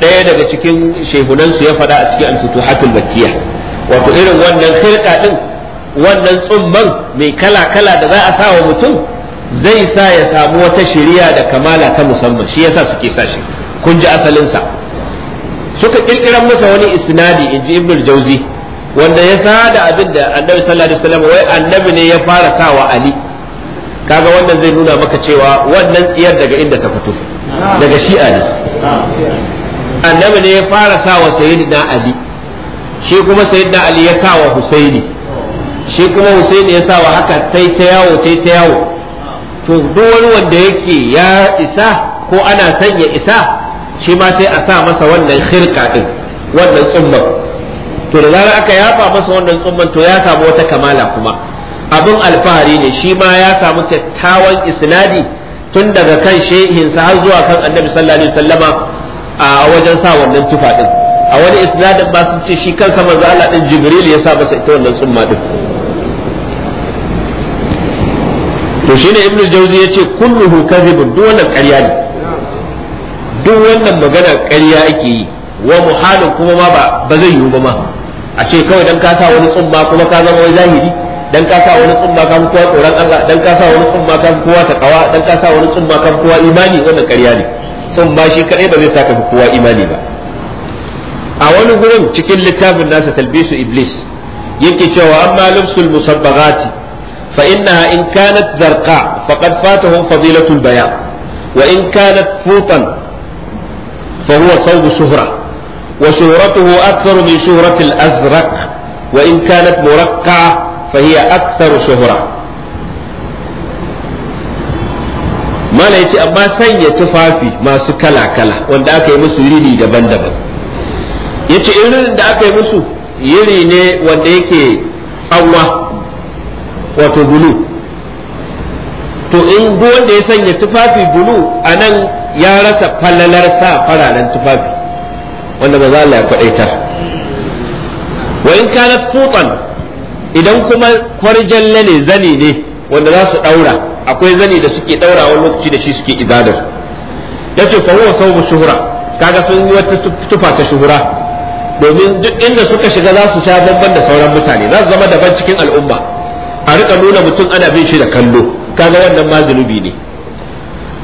ɗaya daga cikin shehunansu ya faɗa a cikin antutuhatul bakiya wato irin wannan firka din wannan tsumman mai kala kala da za a sa wa mutum zai sa ya samu wata shiriya da kamala ta musamman shi yasa suke sa shi kun ji asalinsa suka kirkira masa wani isnadi inji ibn jauzi wanda ya sada abin da annabi sallallahu alaihi wasallam wai annabi ne ya fara sawa ali kaga wannan zai nuna maka cewa wannan tsiyar daga inda ta fito daga shi'a ne annabi ne ya fara sawa sayyidina ali shi kuma sayyidina ali ya sawa husaini shi kuma husaini ya sawa haka tai ta yawo tai ta yawo to duk wani wanda yake ya isa ko ana sanya isa shi ma sai a sa masa wannan khirka din wannan tsumman to da zarar aka yafa masa wannan tsumman to ya samu wata kamala kuma abin alfahari ne shi ma ya samu kyakkyawan isnadi tun daga kan shehin sa har zuwa kan annabi sallallahu alaihi wasallama a wajen sa wannan tufa din a wani isnadin ba sun ce shi kansa manzo Allah din Jibril ya sa masa ita wannan tsumma din to shine ibnu jawzi yace kulluhu kadhibun duk wannan ƙarya ne duk wannan magana ƙarya ake yi wa muhalin kuma ma ba zai yiwu ba ma a ce kawai dan ka sa wani tsumma kuma ka zama wani zahiri dan ka sa wani tsumma ka kowa tsoron Allah dan ka sa wani tsumma ka kowa takawa dan ka sa wani tsumma ka kowa imani wannan ƙarya ne tsumma shi kadai ba zai saka kowa imani ba a wani gurin cikin littafin nasa talbisu iblis yake cewa amma lubsul musabbagati فإنها إن كانت زرقاء فقد فاتهم bayan. Wa in كانت فوطا فهو صوب شهرة وشهرته أكثر من شهرة الأزرق وإن كانت مرقعة فهي أكثر شهرة ما ليتي أما سنية تفافي ما سكلا كلا وان دا أكي مسو يريني دبان دبان يتي إلن دا أكي مسو يريني وان دا يكي أوا وتبلو to in duk wanda ya sanya tufafi bulu a ya rasa falalar sa fararen tufafi wanda ba za Allah ya kwaɗaitar wa in kanat futan idan kuma kwarjalle ne zani ne wanda za su ɗaura akwai zani da suke ɗaura wani lokaci da shi suke ibadar yace fa huwa sawbu shuhura kaga sun yi wata tufa ta shuhura domin duk inda suka shiga za su sha bamban da sauran mutane za su zama daban cikin al'umma a rika nuna mutum ana bin shi da kallo kaga wannan ma zunubi ne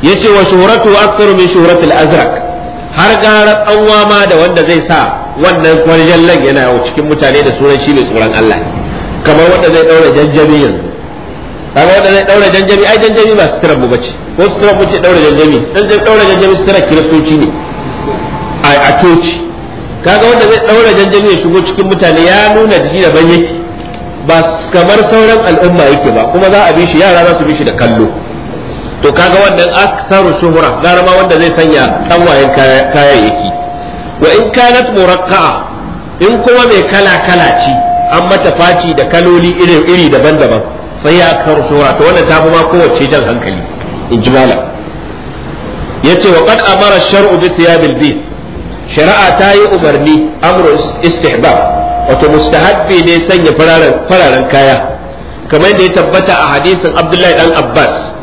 yace wa shuhratu aktsaru min al-azraq har gara tsawwa ma da wanda zai sa wannan kwarjallan yana cikin mutane da sunan shi mai tsoron Allah kamar wanda zai daura janjami yanzu kaga wanda zai daura janjami ai janjami ba sutura mu bace ko sutura mu ce daura janjami dan zai daura janjami sutura kiristoci ne ai a toci kaga wanda zai daura janjami ya shigo cikin mutane ya nuna jiki da ban yake ba kamar sauran al'umma yake ba kuma za a bi shi yara za su bi shi da kallo to kaga wannan aksaru shuhura gara ma wanda zai sanya tsawayen kayayyaki wa in kanat muraqqa'a in kuma mai kala kala ci an mata faci da kaloli iri iri daban-daban sai ya karu shuhura to wannan ta fi ma kowace jan hankali in ji yace wa qad amara shar'u bi thiyabil bayt shari'a ta yi umarni amru istihbab wato mustahabbi ne sanya fararen fararen kaya kamar da ya tabbata a hadisin Abdullahi dan Abbas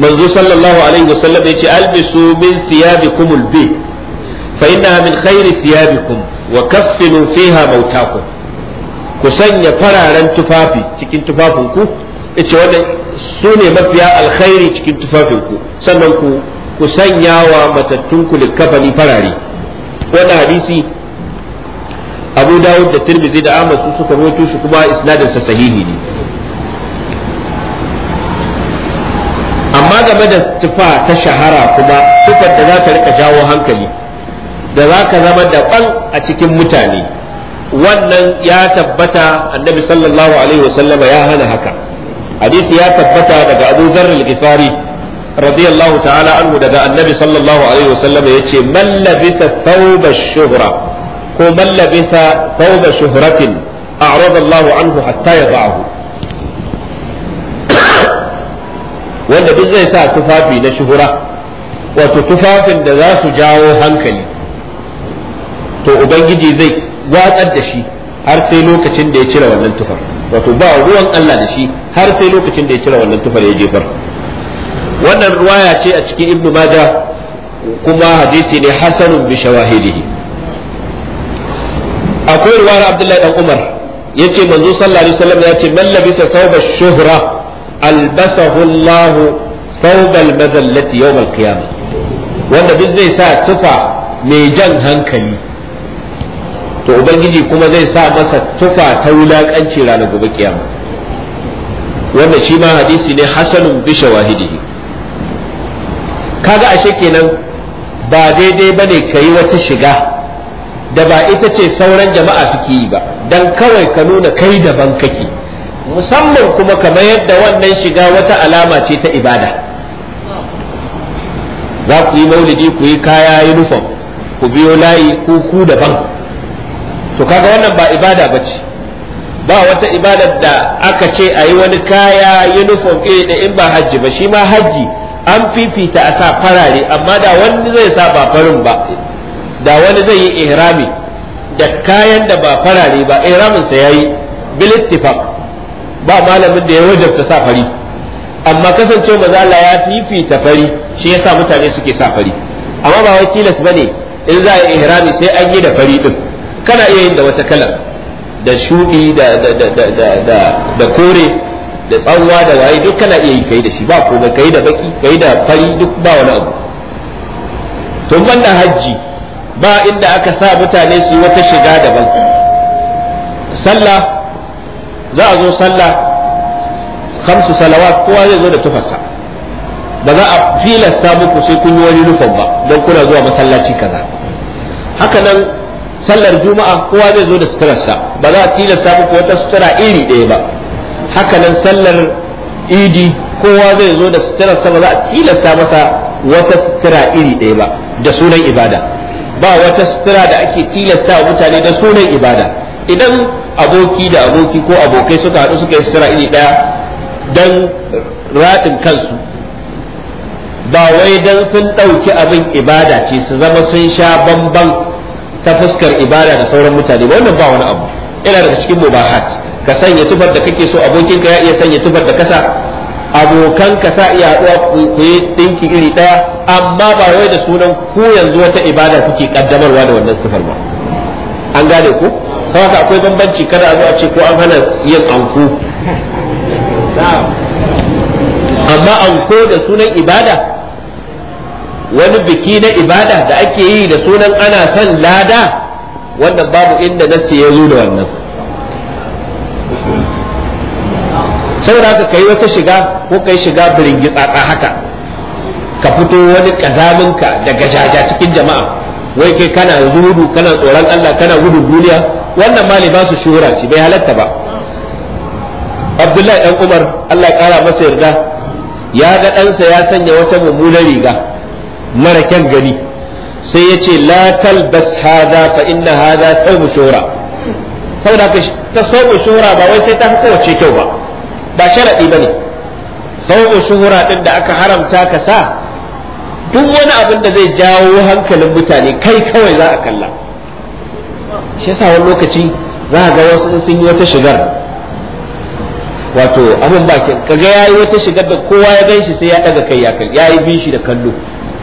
manzo sallallahu alaihi wasallam yace albisu min thiyabikum albi fa innaha min khairi thiyabikum wa kaffinu fiha mautakum ku sanya fararen tufafi cikin tufafinku yace wannan su ne mafiya alkhairi cikin tufafinku sannan ku ku sanya wa matattunku likafani farare wannan hadisi abu dawud da tirmidhi da ahmad su suka rawaito shi kuma isnadinsa sa sahihi ne amma game da tufa ta shahara kuma tufar da za ta rika jawo hankali da za ka zama daban a cikin mutane wannan ya tabbata annabi sallallahu alaihi wasallama ya hana haka hadisi ya tabbata daga abu zarra al-ghifari radiyallahu ta'ala anhu daga annabi sallallahu alaihi wasallama yace man labisa thawba shuhra ko man labisa thawba shuhratin a'rada Allahu anhu hatta yadh'ahu wanda duk zai sa tufafi na shuhura wato tufafin da za su jawo hankali to ubangiji zai watsar da shi har sai lokacin da ya cire wannan tufar wato ba ruwan Allah da shi har sai lokacin da ya cire wannan tufar ya jefar wannan ruwaya ce a cikin ibnu majah kuma hadisi ne hasanun bi shawahidihi akwai ruwayar abdullahi dan umar yace manzo sallallahu alaihi wasallam ya ce man labisa thawba shuhra albasahu Allah thawbal mazallati yawm qiyamah wanda duk zai sa tufa mai jan hankali to ubangiji kuma zai sa masa tufa ta wulaƙanci ranar gobe kiyama wanda shi ma hadisi ne hasanun bi shawahidihi kaga ashe kenan ba daidai bane yi wata shiga da ba ita ce sauran jama'a suke yi ba dan kawai ka nuna kai daban kake musamman kuma kamar yadda wannan shiga wata alama ce ta ibada za ku yi maulidi ku yi kaya uniform ku biyo layi ku ku daban to kaga wannan ba ibada ba ce ba wata ibadar da aka ce a yi wani kaya uniform iri da in ba hajji ba shi ma hajji an fifita a sa farare amma da wani zai sa ba farin ba da wani zai yi ihrami da kayan da ba farare ba ihraminsa ya yi bil ittifaq ba malamin da ya wajabta sa fari amma kasance mazala ya fifita fari shi ya sa mutane suke sa fari amma ba wai tilas ba ne in za a yi ihrami sai an yi da fari din kana iya yin da wata kala da shuɗi da kore da tsawa da waye duk kana iya yi kai da shi ba ko kai da baki kai da fari duk ba wani abu to banda hajji ba inda aka sa mutane su yi wata shiga daban sallah za a zo sallah khamsu salawat kowa zai zo da tufarsa ba za a filasta muku sai kun yi wani nufan ba don kuna zuwa masallaci kaza haka nan sallar juma'a kowa zai zo da suturarsa ba za a tilasta muku wata sutura iri ɗaya ba Hakanan sallar idi kowa zai zo da suturarsa ba za a tilasta masa wata sutura iri ɗaya ba da sunan ibada ba wata sutura da ake tilasta wa mutane da sunan ibada idan aboki da aboki ko abokai suka haɗu suka yi sutura iri ɗaya don raɗin kansu ba wai don sun ɗauki abin ibada ce su zama sun sha bamban ta fuskar ibada da sauran mutane ba wannan ba wani abu ina daga cikin mubahat ka sanya tufar da kake so abokinka ya iya sanya tufar da kasa abokan ka sa iya haɗuwa ku yi ɗinki iri ɗaya amma ba wai da sunan ku yanzu wata ibada kuke kaddamarwa da wannan sufar ba an gane ku haka akwai bambanci kada a zo a ce ko an hana yin anko amma anko da sunan ibada wani biki na ibada da ake yi da sunan ana son lada wannan babu inda nasi ya zo da wannan saboda haka kai wata shiga ko kai shiga biringi tsatsa haka ka fito wani ƙazaminka daga jaja cikin jama'a wai kai kana zuhudu kana tsoron Allah kana gudun duniya wannan ma ba su shuhura ce bai halatta ba Abdullahi dan Umar Allah ya kara masa yarda ya ga ɗansa ya sanya wata mummunar riga mara kyan gani sai ya ce la talbas hadha fa inna hadha thawb shuhra saboda ta thawb shura ba wai sai ta fi kowace kyau ba ba sharadi bane thawb shura din da aka haramta ka sa duk wani abin da zai jawo hankalin mutane kai kawai za a kalla shi yasa wani lokaci za ga wasu sun yi wata shigar wato abin ba ke? kaga yayi wata shigar da kowa ya ganshi sai ya daga kai ya kai yayi shi da kallo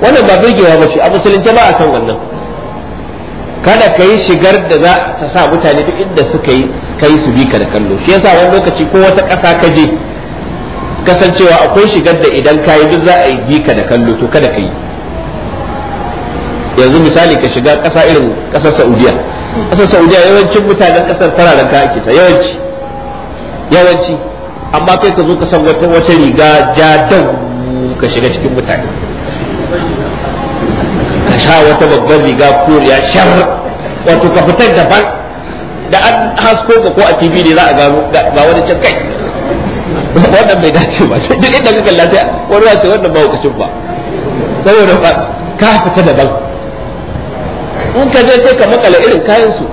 wannan ba birgewa ba shi a musulunci ba a san wannan kada ka yi shigar da za ta sa mutane duk inda suka yi kai su bi ka da kallo shi yasa wani lokaci ko wata ƙasa ka je kasancewa akwai shigar da idan kayi duk za a yi ka da kallo to kada ka yi yanzu misali ka shiga ƙasa irin ƙasar saudiya ƙasar saudiya yawancin mutanen ƙasar fararen ka ake sa yawanci yawanci amma kai ka zo ka san wata riga ja dan ka shiga cikin mutane ka sha wata babbar riga koriya shar wato ka fitar daban da an hasko ka ko a tv ne za a gano ga wani can kai wannan bai dace ba duk inda ka kalla sai wani ba su wannan ba hukacin ba saboda ba ka fita da daban in ka je sai ka makala irin kayan su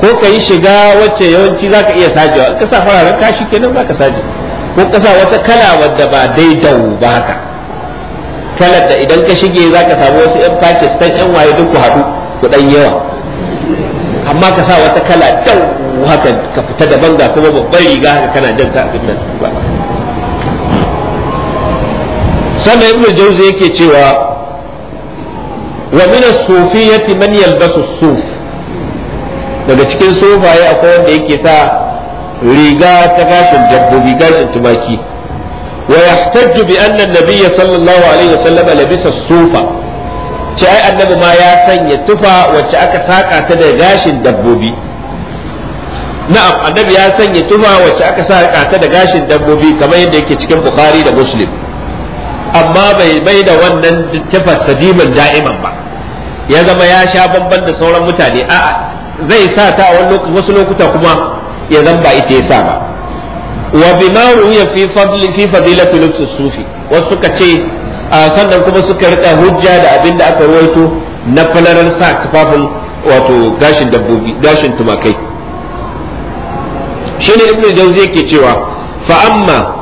ko ka yi shiga wacce yawanci za ka iya sajewa ka sa fararen kashi kenan za ka saje ko ka sa wata kala wadda ba daidau ba haka kalar da idan ka shige za ka samu wasu 'yan pakistan 'yan waye duk ku haɗu ku ɗan yawa amma ka sa wata kala dan haka ka fita daban ga kuma babbar riga haka kana jan ta abin nan ba sannan ibnu jauzi yake cewa wa min as-sufiyyati man yalbasu suf daga cikin sufaye akwai wanda yake sa riga ta gashin dabbobi gashin tumaki ويحتج بأن النبي صلى الله عليه وسلم لبس الصوفة ce ai annabi ma ya sanya tufa wacce aka saka ta da gashin dabbobi na'am annabi ya sanya tufa wacce aka saka ta da gashin dabbobi kamar yadda yake cikin bukhari da muslim amma bai bai da wannan tufar sadiman da'iman ba ya zama ya sha bamban da sauran mutane a'a zai sa ta a wasu lokuta kuma ya zan ba ita ya sa ba wa ma ruya fi fadilatu lufsus sufi wasu suka ce sannan kuma suka rika hujja da abin da aka ruwaito na falalar sa tufafin wato gashin dabbobi gashin tumakai shine ibnu jawzi yake cewa fa amma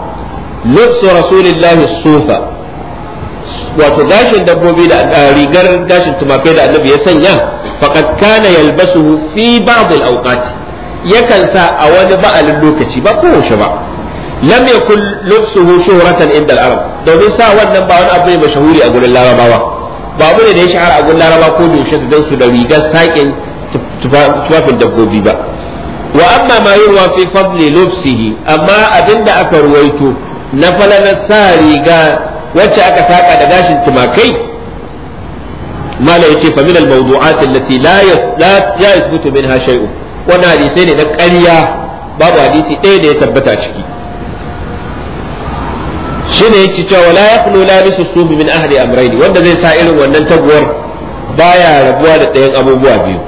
lubsu rasulillahi sufa wato gashin dabbobi da rigar gashin tumakai da annabi ya sanya faqad kana yalbasuhu fi ba'd al-awqat yakan sa a wani ba'alin lokaci ba kowace ba lam yakun lubsuhu shuhratan inda al-arab domin sa wannan ba wani abu ne mashahuri a gurin larabawa ba abu ne da ya shahara a gurin larabawa ko dushe da su da rigar sakin tufafin dabbobi ba wa amma ma yurwa fi fadli lubsihi amma abinda aka ruwaito na falalar sa riga wacce aka saka da gashin tumakai mala yace fa min al a allati la la yathbutu minha shay'un wannan hadisi ne na karya babu hadisi ɗaya da ya tabbata ciki ne yake cewa la yaqulu labisu sufi min ahli amrayn wanda zai sa irin wannan taguwar baya rabuwa da ɗayan abubuwa biyu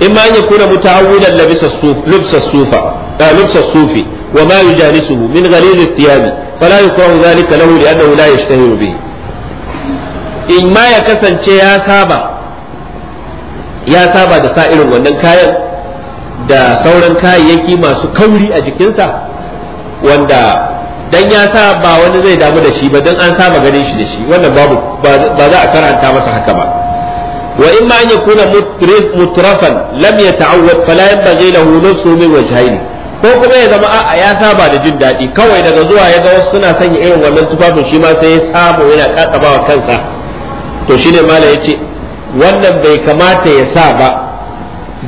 In ma an yakuna muta'awwidan bisu su lubsa sufa da ah, lubsa sufi wa ma yujalisuhu min ghalil thiyabi fala yukrahu zalika lahu annahu la yashtahiru bihi in ma ya kasance ya saba ya saba da sa irin wannan kayan da sauran kayayyaki masu kauri a jikinsa wanda dan ya sa ba wani zai damu da shi ba dan an saba ganin shi da shi wannan babu ba za a karanta masa haka ba wa in ma an yakuna mutrif mutrafan lam yata'awwad fala yanbaghi lahu nafsu min wajhaini ko kuma ya zama a ya saba da jin daɗi kawai daga zuwa ya ga wasu suna sanya irin wannan tufafin shi ma sai ya samu yana kakabawa kansa to shine mala yace wannan bai kamata ya sa ba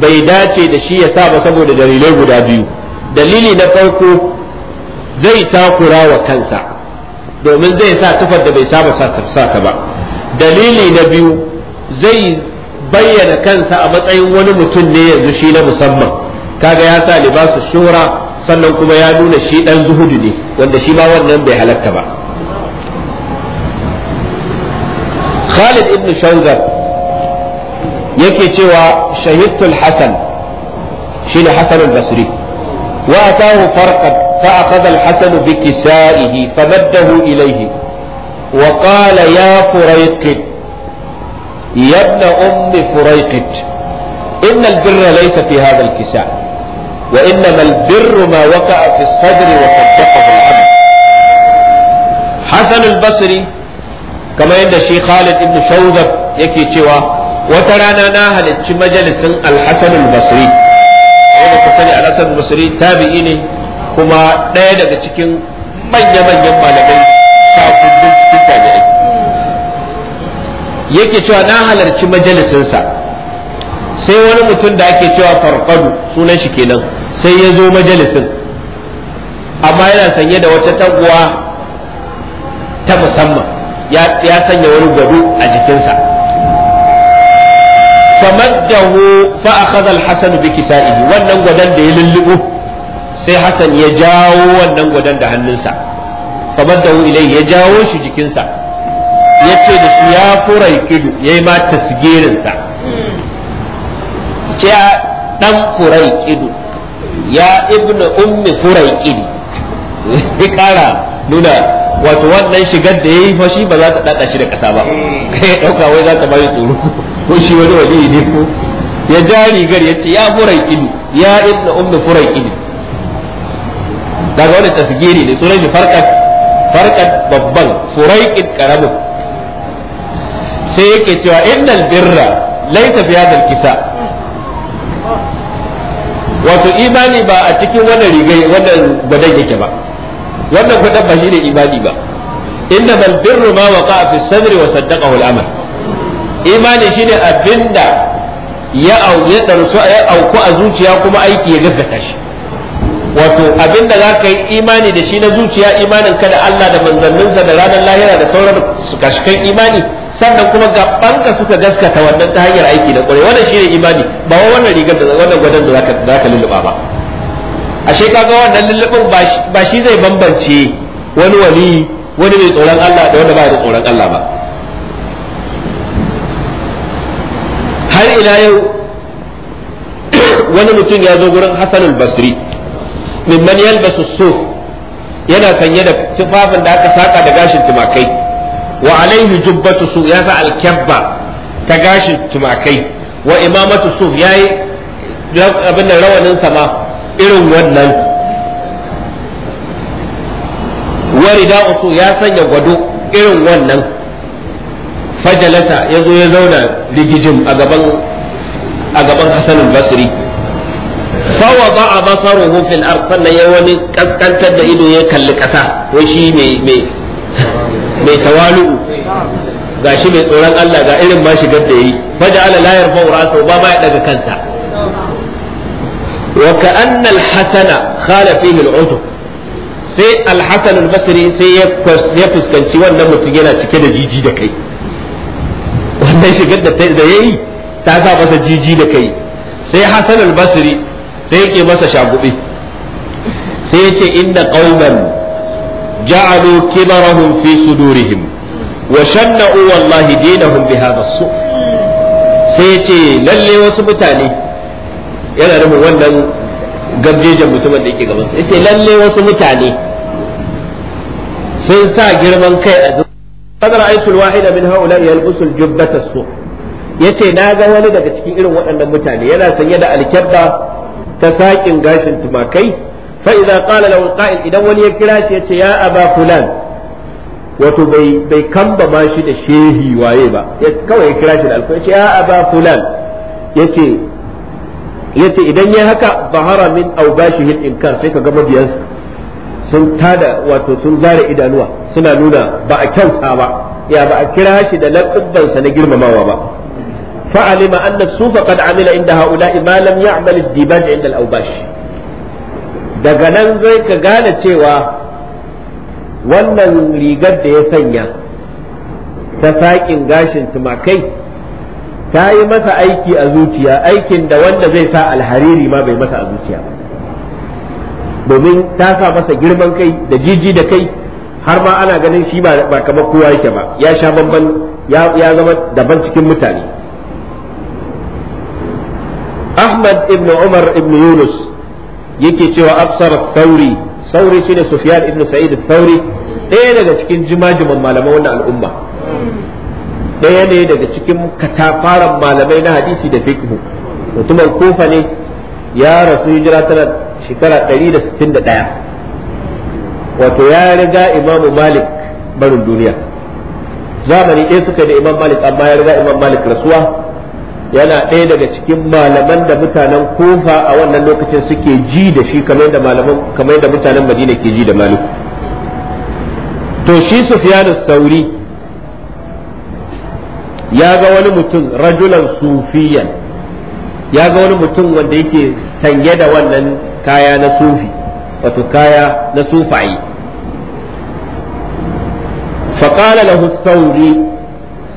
bai dace da shi ya sa ba saboda dalilai guda biyu dalili na farko zai takura wa kansa domin zai sa tufar da bai saba saka ba dalili na biyu zai bayyana kansa a matsayin wani mutum ne yanzu shi na musamman kaga ya sa libasu shura sannan kuma ya nuna shi dan zuhudu ne wanda shi ba wannan bai halatta ba Khalid ibn Shawzar yake cewa shahidtul Hasan shi ne Hasan al-Basri wa atahu فأخذ الحسن بكسائه فمده إليه وقال يا فريقد يا ابن أم فريقد إن البر ليس في هذا الكساء وإنما البر ما وقع في الصدر وصدقه العبد حسن البصري كما عند الشيخ خالد بن شوذب يكي تشوى وترانا ناهل مجلس الحسن البصري wanda ka sani alhassan kuma ɗaya daga cikin manya-manyan malamai kafin cikin tabi'ai yake cewa na halarci majalisinsa sai wani mutum da ake cewa farfadu sunan shi kenan sai ya zo majalisin amma yana sanye da wata taguwa ta musamman ya sanya wani gado a jikinsa famaddahu fa akhadha al bi kisa'ihi wannan gwadon da ya lullubo sai Hassan ya jawo wannan gwadon da hannunsa kamar da ilai ya jawo shi jikinsa ya ce da shi ya furai kidu ya yi mata sigirinsa. ce ɗan furai kidu ya ibna ummi furai kidu ya kara nuna wato wannan shigar da ya yi fashi ba za ta ɗaɗa shi da ƙasa ba kai ya ɗauka wai za ta bayi tsoro ko shi wani waje ne ko ya ja rigar ya ce ya furai kidu ya ibna ummi furai kidu daga wani tasgiri ne sunan shi farkat farkat babban furaiqin karamin sai yake cewa innal birra laysa fi hadal kisa wato imani ba a cikin wannan rigai wannan gwadon yake ba wannan gwadon ba shi ne imani ba bal birru ma waqa'a fi sadri wa saddaqahu al-amal imani shine abinda ya au ya darsu ya auku a zuciya kuma aiki ya gaskata shi wato abinda za ka yi imani da shi na zuciya imanin ka da Allah da manzanninsa da ranar lahira da sauran su kashikan imani sannan kuma gabanka suka gaskata wannan ta hanyar aiki da kwarai wannan shine imani ba wannan rigar da wannan gwadon da za ka lulluba ba ashe ga wannan lullubin ba shi zai bambance wani wali wani mai tsoron Allah da wanda ba da tsoron Allah ba har ila yau wani mutum ya zo gurin Hassan al-Basri mimman yalbasu suf yana sanye da tufafin da aka saka da gashin tumakai wa alaihi jubbatu su ya sa alkabba ta gashin tumakai wa imamatu suf yayi abin da rawanin sama irin wannan wa rida su ya sanya gwado irin wannan fajalata yazo ya zauna rigijin a gaban a gaban basri fawa ba a basaru hufin sannan ya wani kaskantar da ido ya kalli kasa wai shi mai tawalu ga shi mai tsoron Allah ga irin ma shigar da yi faja ala la yarfa ra'sa ba ma ya daga kansa wa ka'anna al-hasana khala fihi al-utub sai al-hasan al-basri sai ya fuskanci wannan mutum yana cike da jiji da kai wannan shigar da da yayi ta sa masa jiji da kai sai hasan al-basri sai yake masa shagube sai yace inda qauman ja'alu kibarahum fi sudurihim wa shanna'u wallahi dinahum bi hadha su sai yace lalle wasu mutane yana nufin wannan gabjejen mutumin da yake gaban sa yace lalle wasu mutane sun sa girman kai a قد رأيت الواحد من هؤلاء يلبس الجبة السوء yace na ga wani daga cikin irin waɗannan mutane yana sanye da alkyabba ta saƙin gashin tumakai fa idza qala lahu qa'il idan wani ya kira shi yace ya aba fulan wato bai bai kamba ma shi da shehi waye ba kawai ya kira shi da alfa yace ya aba fulan yace yace idan yayi haka bahara min awbashihi al-inkar sai ka ga mabiyansa sun tada wato sun zare idanuwa suna nuna ba a kyauta ba ya ba a kira shi da laƙubbansa na girmamawa ba فعلم أن الصوف قد عمل عند هؤلاء ما لم يعمل الديباج عند الأوباش daga nan zai ka gane cewa wannan rigar da ya sanya ta saƙin gashin tumakai ta yi masa aiki a zuciya aikin da wanda zai sa alhariri ma bai masa a zuciya domin ta sa masa girman kai da jiji da kai har ma ana ganin shi ba kamar kowa yake ba ya sha bamban ya zama daban cikin mutane ahmad ibn umar ibn yunus yake cewa absar sauri sauri shine sufyan ibn sa'id sauri ɗaya daga cikin jimajiman malaman wannan al'umma ɗaya ne daga cikin katafaren malamai na hadisi da fiqhu mutumin kofa ne ya rasu hijira tana shekara 161 wato ya riga imamu malik barin duniya zamani ɗaya suka da imam malik amma ya riga imam malik rasuwa yana ɗaya daga cikin malaman da mutanen kofa a wannan lokacin suke ji da shi kamar da mutanen madina ke ji da malik to shi sufyanu sauri ya ga wani mutum rajulan sufiyan ya ga wani mutum wanda yake sanye da wannan kaya na sufi wato kaya na sufaye faƙala lahu sauri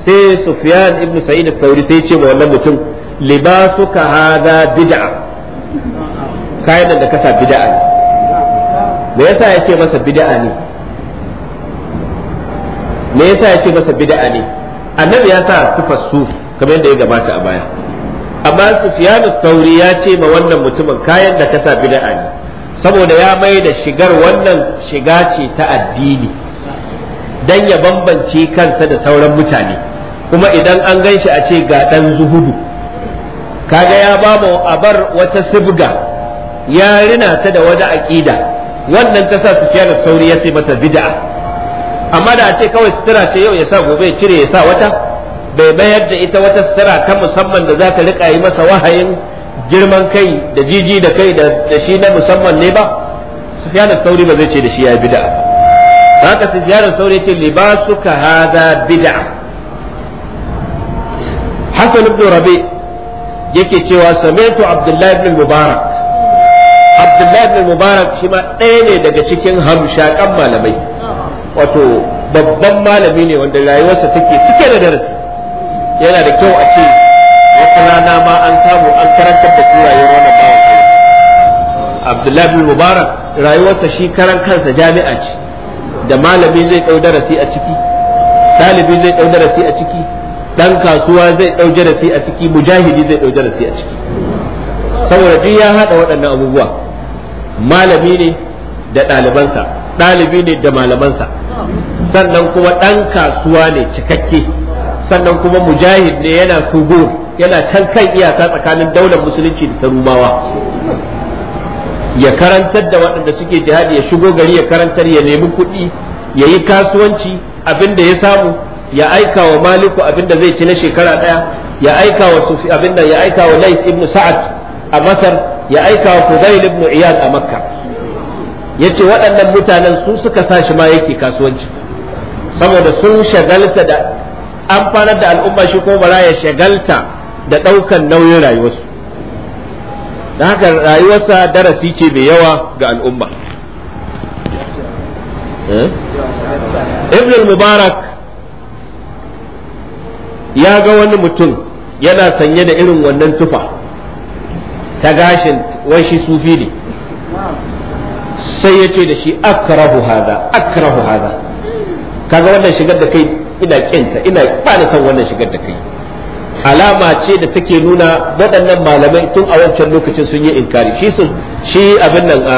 sai sufyan ibn sa'id al-thawri sai ce ma wannan mutum libasuka hadha bid'a kayan da kasa bid'a ne me yasa yake masa bid'a ne me yasa yake masa bid'a ne annabi ya sa tufar su kamar yadda ya gabata a baya amma sufyan al-thawri ya ce ma wannan mutumin kayan da kasa bid'a ne saboda ya mai da shigar wannan shiga ce ta addini dan ya bambance kansa da sauran mutane kuma idan an gan shi a ce ga dan zuhudu kaga ya ba mu abar wata sibga ya rina ta da wani aƙida wannan ta sa su sufiyanu sauri ya ce mata bid'a amma da a ce kawai sutura ce yau ya sa gobe ya cire ya sa wata bai bayar da ita wata sutura ta musamman da zaka rika yi masa wahayin girman kai da jiji da kai da shi na musamman ne ba sufiyanu sauri ba zai ce da shi ya bid'a haka sufiyanu sauri ce libasuka hada bid'a Hassan ibn Rabi yake cewa sami'tu Abdullahi ibn Mubarak Abdullahi ibn Mubarak shi ma ɗaya ne daga cikin hamshakan malamai wato babban malami ne wanda rayuwarsa take cike da darasi yana da kyau a ce wata rana ma an samu an karantar da rayuwar wannan bawan Abdullahi bin Mubarak rayuwarsa shi karan kansa jami'a ce da malami zai ɗau darasi a ciki ɗalibi zai ɗau darasi a ciki dan kasuwa zai dau sai a ciki mujahidi zai dau sai a ciki saboda duk ya hada waɗannan abubuwa malami ne da ɗalibansa ɗalibi ne da malamansa sannan kuma ɗan kasuwa ne cikakke sannan kuma mujahid ne yana sugo yana can kan iyaka tsakanin daular musulunci da ta rumawa ya karantar da waɗanda suke jihadi ya shigo gari ya karantar ya nemi kuɗi ya yi kasuwanci abin da ya samu ya aika wa maliku abinda zai ci na shekara daya ya aika wa sufi abinda ya aika wa lais ibn sa'ad a masar ya aika wa fudail ibn iyad a makka yace waɗannan mutanen su suka sa shi ma yake kasuwanci saboda sun shagalta da amfanar da al'umma shi ko bara ya shagalta da ɗaukan nauyin rayuwarsu da haka rayuwarsa darasi ce mai yawa ga al'umma eh? ibn mubarak ya ga wani mutum yana sanye da irin wannan tufa ta gashin wai shi sufi ne sai ya ce da shi akrahu hada akrahu hada kaga wannan shigar da kai ina kinta ina ba son wannan shigar da kai alama ce da take nuna waɗannan malamai tun a wancan lokacin sun yi inkari shi sun shi abin nan a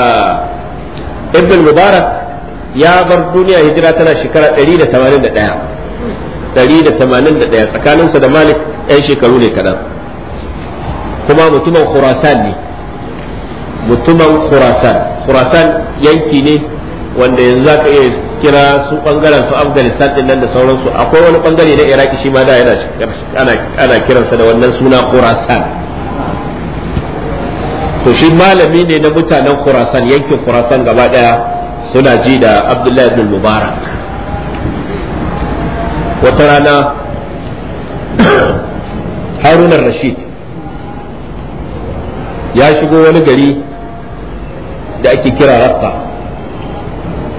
ibn mubarak ya bar duniya hijira tana shekara 181 181 tsakaninsa da malik yan shekaru ne kaɗan kuma mutumin khurasan ne mutumin khurasan khurasan yanki ne wanda yanzu za ka iya kira su bangaren su afghanistan din nan da sauransu akwai wani bangare na iraki shi ma da yana ana kiransa da wannan suna khurasan to shi malami ne na mutanen khurasan yankin khurasan gaba daya suna ji da abdullahi ibn mubarak wata rana Harunar rashid ya shigo wani gari da ake kira rafa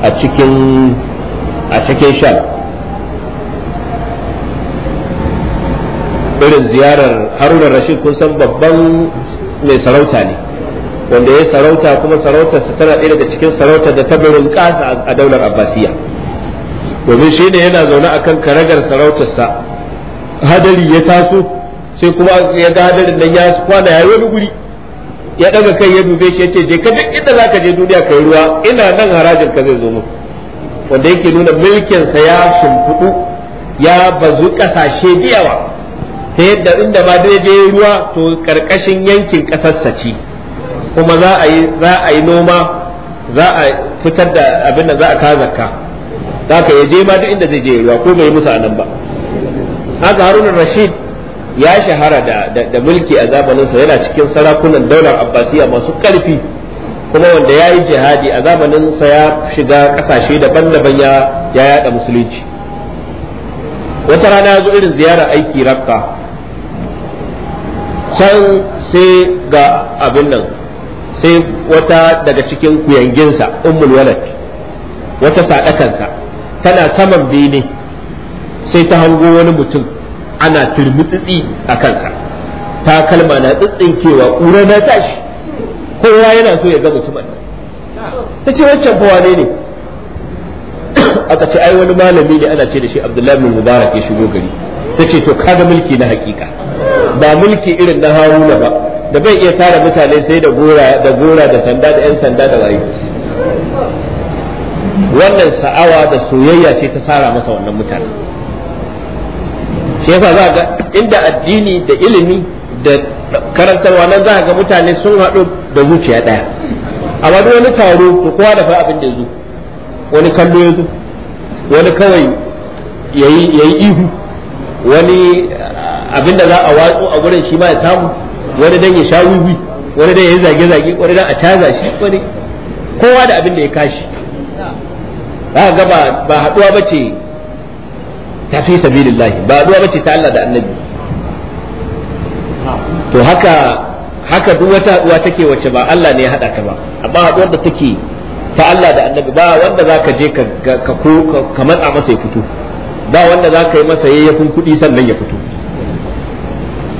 a cikin a cikin sha irin ziyarar Harunar rashid kun san babban mai sarauta ne wanda ya sarauta kuma sarautarsa tana ɗaya daga cikin sarautar da ta burin ƙasa a daular abbasiya domin shi ne yana zaune a akan karagar sarautarsa hadari ya taso sai kuma ya ga hadarin nan ya kwana ya wani guri ya daga kai ya dube shi ya ce je ka duk inda ka je duniya ka yi ruwa ina nan harajin ka zai zo mu wanda yake nuna mulkin sa ya shimfiɗu, ya bazu kasashe da yawa ta yadda inda ba dai je ruwa to ƙarƙashin yankin ƙasarsa ce kuma za a yi za a yi noma za a fitar da abin da za a kawo zakka haka ya je ma duk inda zai je ruwa ko bai musu anan ba haka Harun Rashid ya shahara da da mulki a zamaninsa, yana cikin sarakunan daular Abbasiya masu karfi kuma wanda ya yi jihadi a zamanin sa ya shiga kasashe daban-daban ya ya yada musulunci wata rana ya zo irin ziyara aiki rakka can sai ga abin nan sai wata daga cikin kuyanginsa ummul walad wata sadakansa tana saman bene sai ta hango wani mutum ana turmutsitsi a kansa ta kalma na tsitsinkewa ƙura na tashi kowa yana so ya ga mutumin ta ce wancan fa wane ne aka ce ai wani malami ne ana ce da shi abdullahi bin mubarak ya shigo gari ta ce to kada mulki na hakika ba mulki irin na haruna ba da bai iya tara mutane sai da gora da gora da sanda da yan sanda da waye wannan sa'awa da soyayya ce ta sara masa wannan mutane shi za ga inda addini da ilimi da karantarwa nan za ga mutane sun haɗu da zuciya ɗaya amma duk wani taro to kowa da fa abin da ya zo wani kallo ya zo wani kawai ya yi ihu wani ah, abin da za a watsu a gurin shi ma ya samu wani dan ya sha wiwi wani dan ya yi zage zage wani dan a caza shi wani kowa da abin da ya kashi za ga ba haduwa bace ta fi sabilillahi ba haduwa bace ta Allah da annabi to haka haka duk wata haduwa take wacce ba Allah ne ya hada ta ba amma haduwar da take ta Allah da annabi ba wanda zaka je ka ka ka matsa masa ya fito ba wanda zaka yi masa yayyafin kuɗi sannan ya fito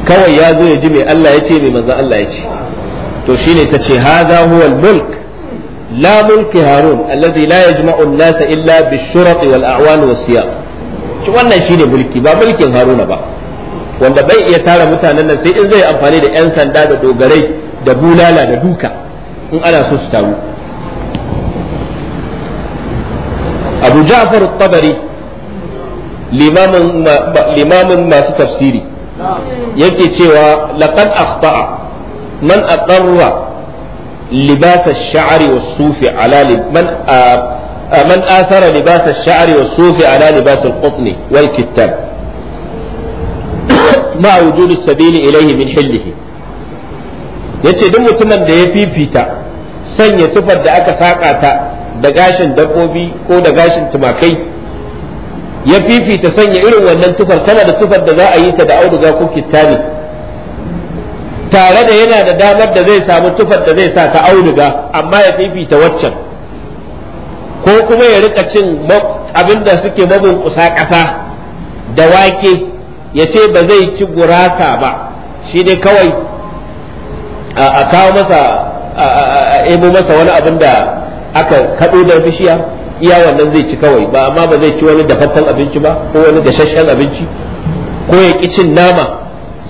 kawai ya zo ya ji me Allah ya ce me manzo Allah ya ce to shine ta ce hadha huwa mulk لا ملك هارون الذي لا يجمع الناس إلا بالشرط والأعوان والسياق شو wannan shine mulki ba mulkin Haruna ba wanda bai iya tara mutanen nan sai in zai amfani da yan sanda da dogarai da bulala da duka in ana so su taru Abu Ja'far tabari limamin masu tafsiri yake cewa laqad akhta'a man aqarra لباس الشعر والصوف على من من آثر لباس الشعر والصوف على لباس القطن والكتان مع وجود السبيل إليه من حله yace duk mutumin da ya fifita sanya tufar da aka saƙa ta da gashin dabbobi ko da gashin tumakai ya fifita sanya irin wannan tufar sama da tufar da za a yi ta da auduga ko kittani tare da yana da damar da zai samu tufar da zai sa ta auduga amma ya fifita waccan ko kuma ya rika cin abin da suke mabin kusa ƙasa da wake ya ce ba zai ci gurasa ba shi dai kawai a kawo masa a ebo masa wani abin da aka kaɗo da bishiya iya wannan zai ci kawai ba amma ba zai ci wani dafaffen abinci ba ko wani dashashen abinci ko ya ƙi cin nama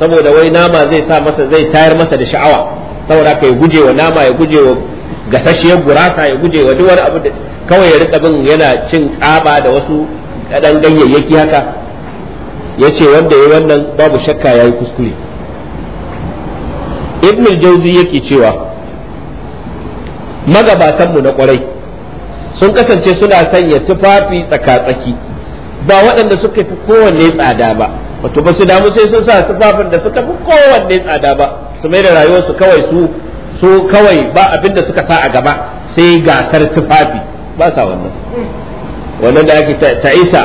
saboda wai nama zai sa masa zai tayar masa da sha'awa saboda ka ya guje wa nama ya guje wa gasasshiyar gurasa ya guje wa duk wani abu da kawai ya rika bin yana cin tsaba da wasu kadan ganyayyaki haka ya ce wanda ya wannan babu shakka ya yi kuskure ibn jauzi yake cewa magabatanmu na kwarai sun kasance suna sanya tufafi tsaka-tsaki ba waɗanda suka fi kowanne tsada ba wato ba su damu sai sun sa tufafin da suka fi kowanne tsada ba su mai da rayuwarsu kawai su su kawai ba abin da suka sa a gaba sai gasar tufafi ba sa wannan wannan da ake isa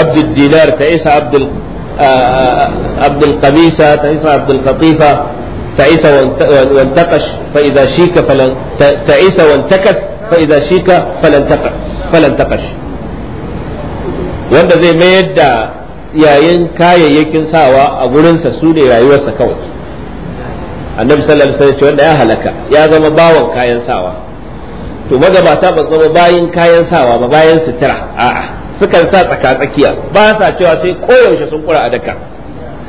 abdul dinar isa abdul abdul qamisa isa abdul qatifa wan takash fa idza shika falan wan wantakas fa idza shika falan takash falan takash wanda zai mayar da yayin kayayyakin sawa a gurinsa su ne rayuwarsa kawai annabi sallallahu alaihi wasallam wanda ya halaka ya zama bawan kayan sawa to magabata ba zama bayin kayan sawa ba bayan sutura a'a sukan sa tsaka tsakiya ba sa cewa sai koyaushe sun kura a daka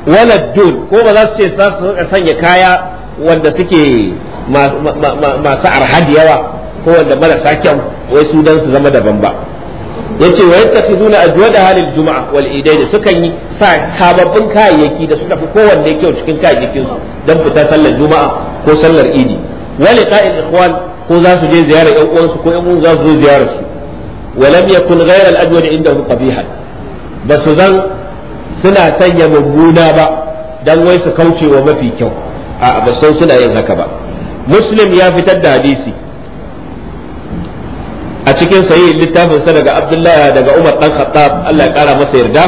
wala dun ko ba za su ce za su sanya kaya wanda suke masu arhadi yawa ko wanda marasa kyau wai su dan su zama daban ba yace wa yattakhizuna ajwada halil juma'a wal da sukan yi sa sababbin kayayyaki da suka fi kowanne kyau cikin kayayyakin su dan fita sallar juma'a ko sallar idi wal qa'il ikhwan ko za su je ziyarar uwan uwansu ko ɗan uwan za su zo ziyarar su wa lam yakun ghayra al ajwad indahu qabiha ba su zan suna sanya mabuna ba dan wai su kaucewa mafi kyau a ba san suna yin haka ba muslim ya fitar da hadisi a cikin sayi littafin sa daga abdullahi daga umar dan khattab Allah ya kara masa yarda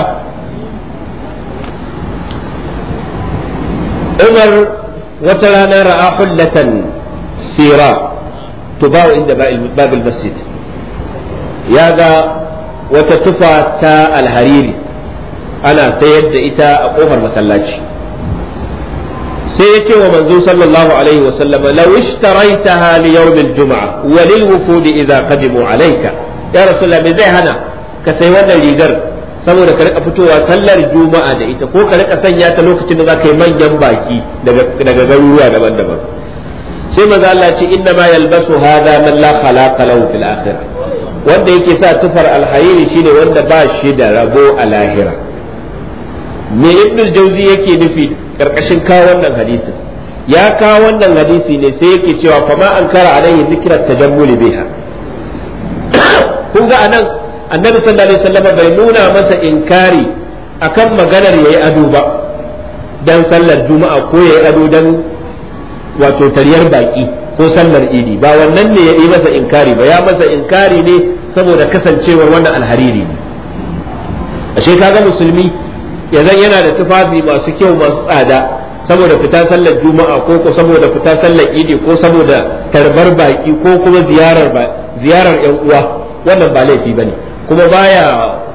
umar wata rana ra'a hullatan sira tubawu inda babil masjid ya ga wata tufa ta alhariri ana sayar da ita a kofar masallaci sai ya ce wa manzo sallallahu alaihi wa sallam law ishtaraitaha li yawm al-jum'a wa lil wufud idha qadimu alayka ya rasulullah me zai hana ka sai wannan rigar saboda ka rika fitowa sallar juma'a da ita ko ka rika sanya ta lokacin da zaka yi manyan baki daga daga garuruwa daban-daban sai manzo Allah ce inna ma yalbasu hadha man la khalaqa lahu fil akhirah wanda yake sa tufar alhairi shine wanda ba shi da rabo a lahira me ibnul jawzi yake nufi karkashin kawo wannan hadisin ya kawo wannan hadisi ne sai yake cewa fa ma an kara alaihi zikrat tajammuli biha kun ga anan annabi sallallahu alaihi wasallam bai nuna masa inkari akan maganar yayi ado ba dan sallar juma'a ko yayi ado dan wato tariyar baki ko sallar idi ba wannan ne ya yi masa inkari ba ya masa inkari ne saboda kasancewar wannan alhariri ne ashe kaga musulmi ya zan yana da tufafi masu kyau masu tsada saboda fita sallar juma'a ko ko saboda fita sallar idi ko saboda tarbar baki ko kuma ziyarar ziyarar yan uwa wannan ba laifi bane kuma baya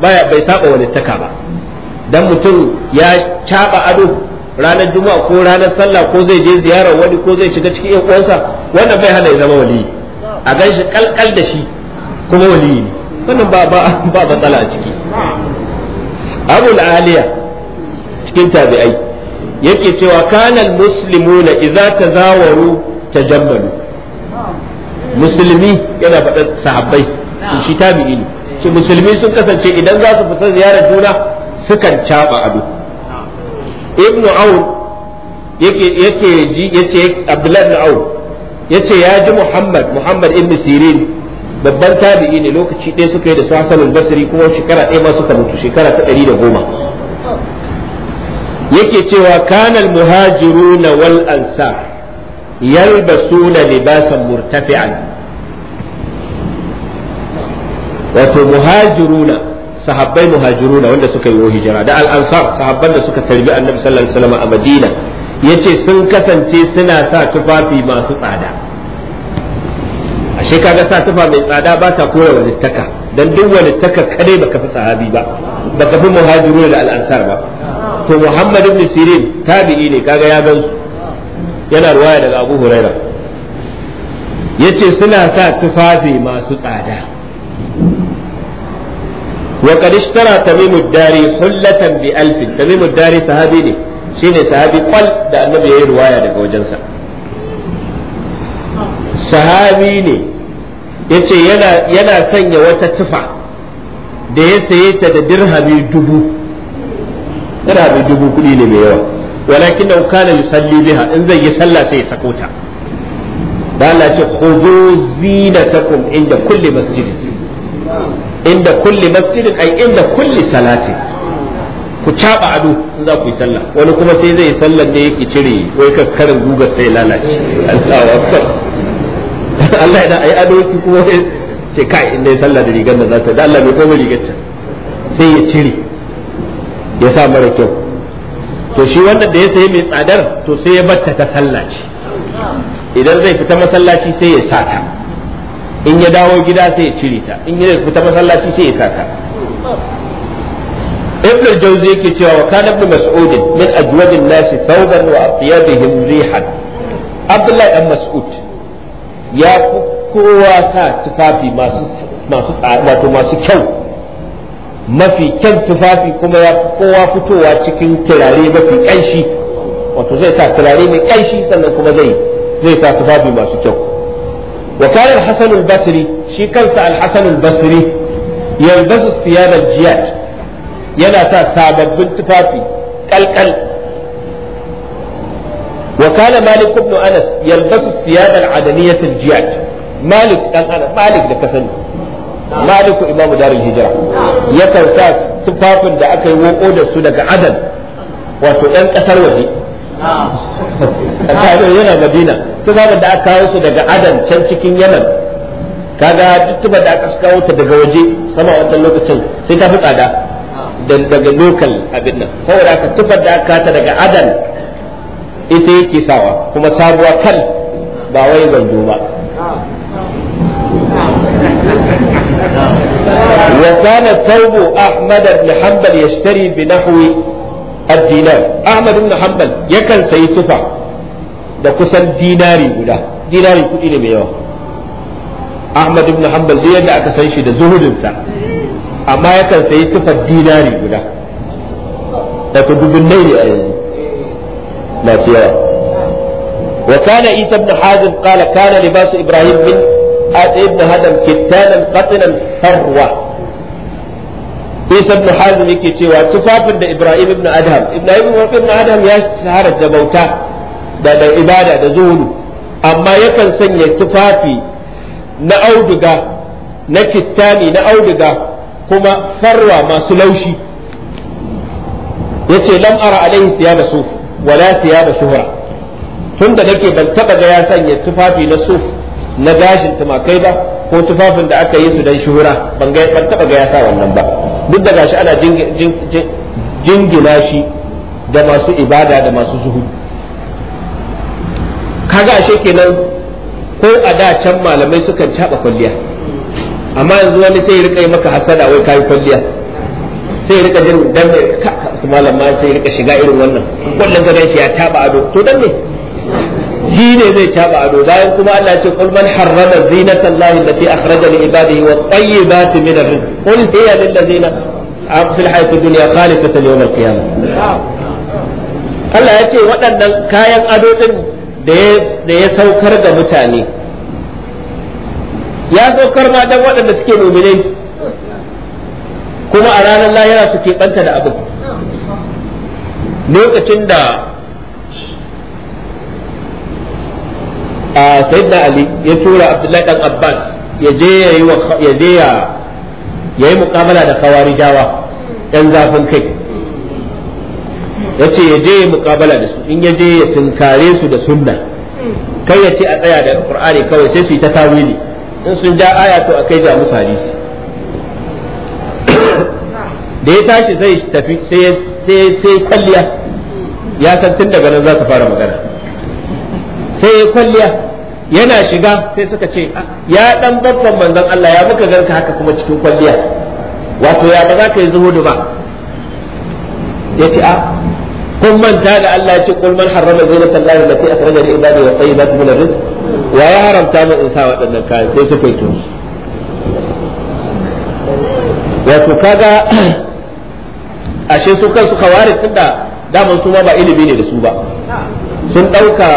baya bai saba wani taka ba dan mutum ya caba ado ranar juma'a ko ranar sallah ko zai je ziyarar wani ko zai shiga cikin yan uwansa wannan bai hana ya zama wali a gan shi kalkal da shi kuma wali ne wannan ba ba ba matsala a ciki abul aliya cikin tabi'ai yake cewa kanal muslimuna idza tazawaru tajammalu musulmi yana faɗar sahabbai shi tabi'i ne ce musulmi sun kasance idan za su fita ziyarar juna sukan caba ado ibnu aun yake yake ji yace abdullahi ibn aun yace ya ji muhammad muhammad ibn sirin babban tabi'i ne lokaci ɗaya suka yi da su hasan al-basri kuma shekara ɗaya ma suka mutu shekara ta ɗari da goma yake cewa kanal muhajiruna wal ansar yalbasuna libasan murtafi'an wato muhajiruna sahabbai muhajiruna wanda suka yi hijira da al-ansar sahabban da suka tarbi annabi sallallahu alaihi wasallam a Madina yace sun kasance suna sa tufafi masu tsada ashe kaga sa tufa mai tsada ba ta kore wani taka dan duk wani taka kadai baka fi sahabi ba baka fi muhajiruna da al-ansar ba to Muhammad ibn Sirin tabi'i ne kaga ya gan yana ruwaya daga Abu Huraira yace suna sa tufafi masu tsada wa qad ishtara Tamim ad-Dari hullatan bi alf Tamim ad-Dari sahabi ne shine sahabi kwal da Annabi yayi ruwaya daga wajensa sahabi ne yace yana yana sanya wata tufa da ya saye ta da dirhami dubu da dubu kudi ne mai yawa walakin da kana yusalli biha in zai yi sallah sai ya sako ta da Allah ce khudhu zinatakum inda kulli masjid inda kulli masjid ai inda kulli salati ku caba ado in za ku yi sallah wani kuma sai zai yi sallar da yake cire wai kakkarin gugar sai lalace Allahu akbar Allah ya ai ado ki kuma ce kai inda ya sallah da rigar da za ta da Allah mai komai rigar can sai ya cire ya sa mara kyau to shi wanda da ya sayi mai tsadar to sai ya batta ta sallaci idan zai fita masallaci sai ya sa ta in ya dawo gida sai ya cire ta in ya fita masallaci sai ya sa ta ibn jawzi yake cewa wa kana ibn mas'ud min ajwad an-nas thawban wa atyabihim rihan abdullahi dan mas'ud ya kowa sa tufafi masu masu wato masu kyau mafi kyan tufafi kuma ya fi kowa fitowa cikin turare mafi ƙanshi wato zai sa turare mai ƙanshi sannan kuma zai zai sa tufafi masu kyau wa kana al-hasan al-basri shi kansa al-hasan al-basri yalbasu thiyab al jiyat yana sa sababbin tufafi kalkal wa kana malik ibn anas yalbasu thiyab al-adaniyat al jiyat malik dan anas malik da kasani maliku imamu darul hijira yakan sa tufafin da aka yi woko da su daga adan wato ɗan kasar waje a yana madina tufafin da aka kawo su daga adan can cikin yanan kaga duk da aka kawo ta daga waje sama wannan lokacin sai ta fi tsada daga lokal abin nan saboda aka tuba da aka ta daga adan ita yake sawa kuma sabuwa kal ba wai zanzo ba وكان الثوب أحمد بن حنبل يشتري بنحو الدينار أحمد بن حنبل يكن سيتفع da kusan dinari guda dinari kuɗi ne mai yawa Ahmad ibn Hanbal duk yadda aka san shi da zuhudinsa amma yakan sayi tufar dinari guda da daga dubin nai a yanzu masu yawa wa kana Isa ibn Hazim qala kana libasu Ibrahim bin. ابن هدم كتانا قتلا فروة isa ibn hazim yake cewa tufafin da ibrahim ibn adham ibrahim ibn adham ya shahara da bauta da da ibada da zuhudu amma yakan sanya tufafi na auduga na kittani na auduga kuma farwa masu laushi yace lam ara alaihi da suf wala siyaba shuhra tunda nake ban taba ga ya sanya tufafi na su. na gashin tumakai ba ko tufafin da aka yi su don shuhura ban ga taba ga ya sa wannan ba duk da gashi ana jingina shi da masu ibada da masu zuhudu kaga ashe kenan ko a da can malamai sukan caba kwalliya amma yanzu wani sai rika yi maka hasada wai kayi kwalliya sai rika jin dan mai su malama sai rika shiga irin wannan Kullum gaban shi ya taba ado to dan ne shi ne zai taba ado bayan kuma Allah ce kul man harrama zinata Allah allati akhraja li ibadihi wa tayyibati min ar-rizq qul hiya lil ladzina fi al-hayat ad-dunya khalisatan yawm al-qiyamah Allah ya ce waɗannan kayan ado din da ya saukar da mutane ya saukar ma dan waɗanda suke mu'minai kuma a ranar yana suke banta da abin lokacin da sayyidina ali ya tura abdullahi dan abbas ya je ya yi ya je ya yayi muqabala da khawarijawa yan zafin kai yace ya je ya muqabala da su in ya je ya tinkare su da sunna kai ya ce a tsaya da qur'ani kawai sai su yi ta tawili in sun ja aya to akai da musu hadisi da ya tashi zai tafi sai sai kalliya ya san tun daga nan za su fara magana sai ya kwalliya yana shiga sai suka ce ah, ya dan babban manzon Allah ya muka ganka haka kuma cikin kwalliya wato ya ba za ka yi zuhudu ba ya ce a ah, kun manta da Allah ya ce kul man harrama zinata Allah allati akhraja li ibadi wa tayyibati min rizq wa ya haramta min in sa waɗannan kayan sai su faito wato kaga ashe su su kawarin tunda daman su ma ba ilimi ne da su ba sun ɗauka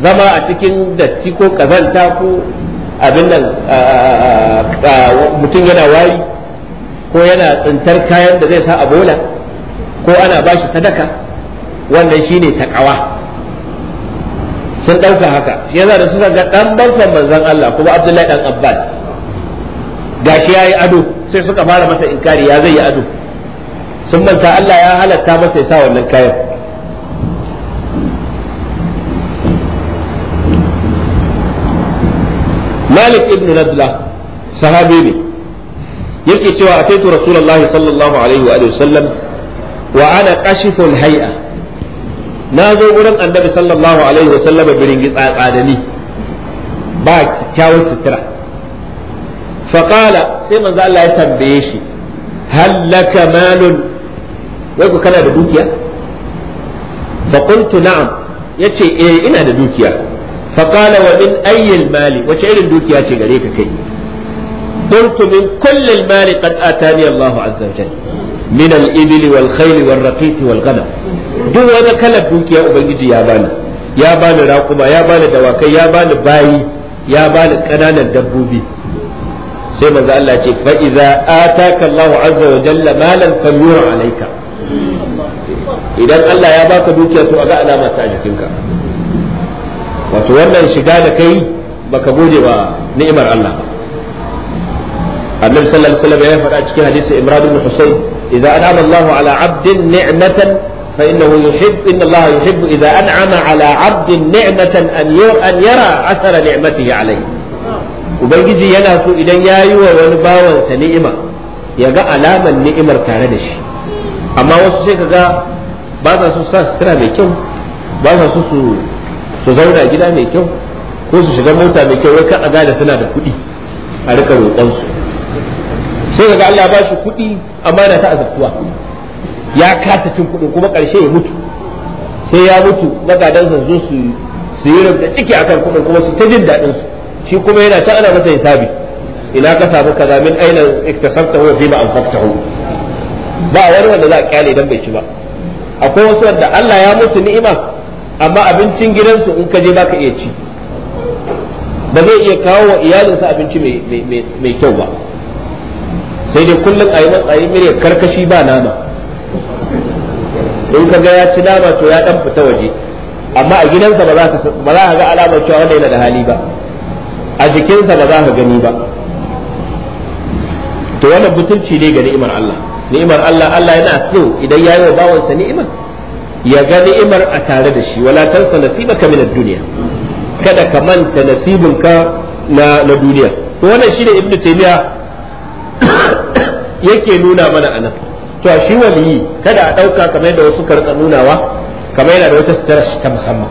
zama a cikin datti ko kazanta ko abin nan mutum yana wari ko yana tsintar kayan da zai sa a bola ko ana ba shi sadaka wannan shine takawa sun ɗauka haka shi yana da suka ga ɗan bankan manzon Allah kuma Abdullahi ɗan Abbas gashi ya yi ado sai suka fara masa inkari ya zai yi ado sun manta Allah ya halatta masa ya sa wannan kayan malik Ibnu nadla sahabi ne yake cewa ataitu rasulullahi sallallahu alaihi wa sallam wa ana qashiful na zo gurin annabi sallallahu alaihi wa sallam biringi ni ba kyawun sutura faqala sai manzo Allah ya tambaye shi hal laka malun ku kana da dukiya na'am yace eh ina da dukiya فقال ومن أي المال وشعر دوكي أشي غريك كي قلت من كل المال قد آتاني الله عز وجل من الإبل والخيل والرقيق والغنم دو وانا كلب دوكي يا أبنجي يا باني يا باني راقما يا باني دواكي يا باني باي يا باني كنانا دبوبي sai manzo Allah ce fa iza ataka Allahu azza wa jalla malan falyura alayka idan Allah ya baka dukiya to a ga alama ta jikinka wato wannan shiga da kai baka gode ba ni'imar Allah annabi sallallahu alaihi wasallam ya faɗa cikin hadisi imran ibn husayn idza an'ama Allahu ala 'abdin ni'matan fa innahu yuhibbu inna Allah yuhibbu idza an'ama ala 'abdin ni'matan an an yara athara ni'matihi alayhi ubangiji yana so idan yayi wa wani bawansa ni'ima ya ga alaman ni'imar tare da shi amma wasu sai kaga ba za su sa sutura mai kyau ba za su su su zauna gida mai kyau ko su shiga mota mai kyau wai kar a suna da kuɗi a rika roƙon su sai ga Allah ba shi kuɗi amma na ta azabtuwa ya kasa cin kuɗin kuma ƙarshe ya mutu sai ya mutu magadansa zo su su yi rubuta ciki akan kuɗin kuma su ta jin daɗin su shi kuma yana ta ana masa hisabi ina ka samu kaza min aina iktasabta wa fi ma anfaqtahu ba wani wanda za a kyale dan bai ci ba akwai wasu wanda Allah ya mutu ni'ima amma abincin gidansu in ka je baka iya ci ba zai iya kawo wa iyalinsa abinci mai kyau ba sai dai kullum a yi matsayi mire karkashi ba nama in ka ga ya ci nama to ya dan fita waje amma a gidansa ba za ka ga alamar cewa wanda yana da hali ba a jikinsa ba za ka gani ba to wannan butulci ne ga ni'imar Allah ni'imar Allah Allah yana so idan yayi wa bawansa ni'imar ya ga ni'imar a tare da shi wala tansa nasibaka min ad-dunya kada ka manta nasibinka na na duniya to wannan shine ibnu taymiya yake nuna mana anan to shi waliyi kada a dauka kamar yadda wasu karka nunawa kamar yana da wata sitara ta musamman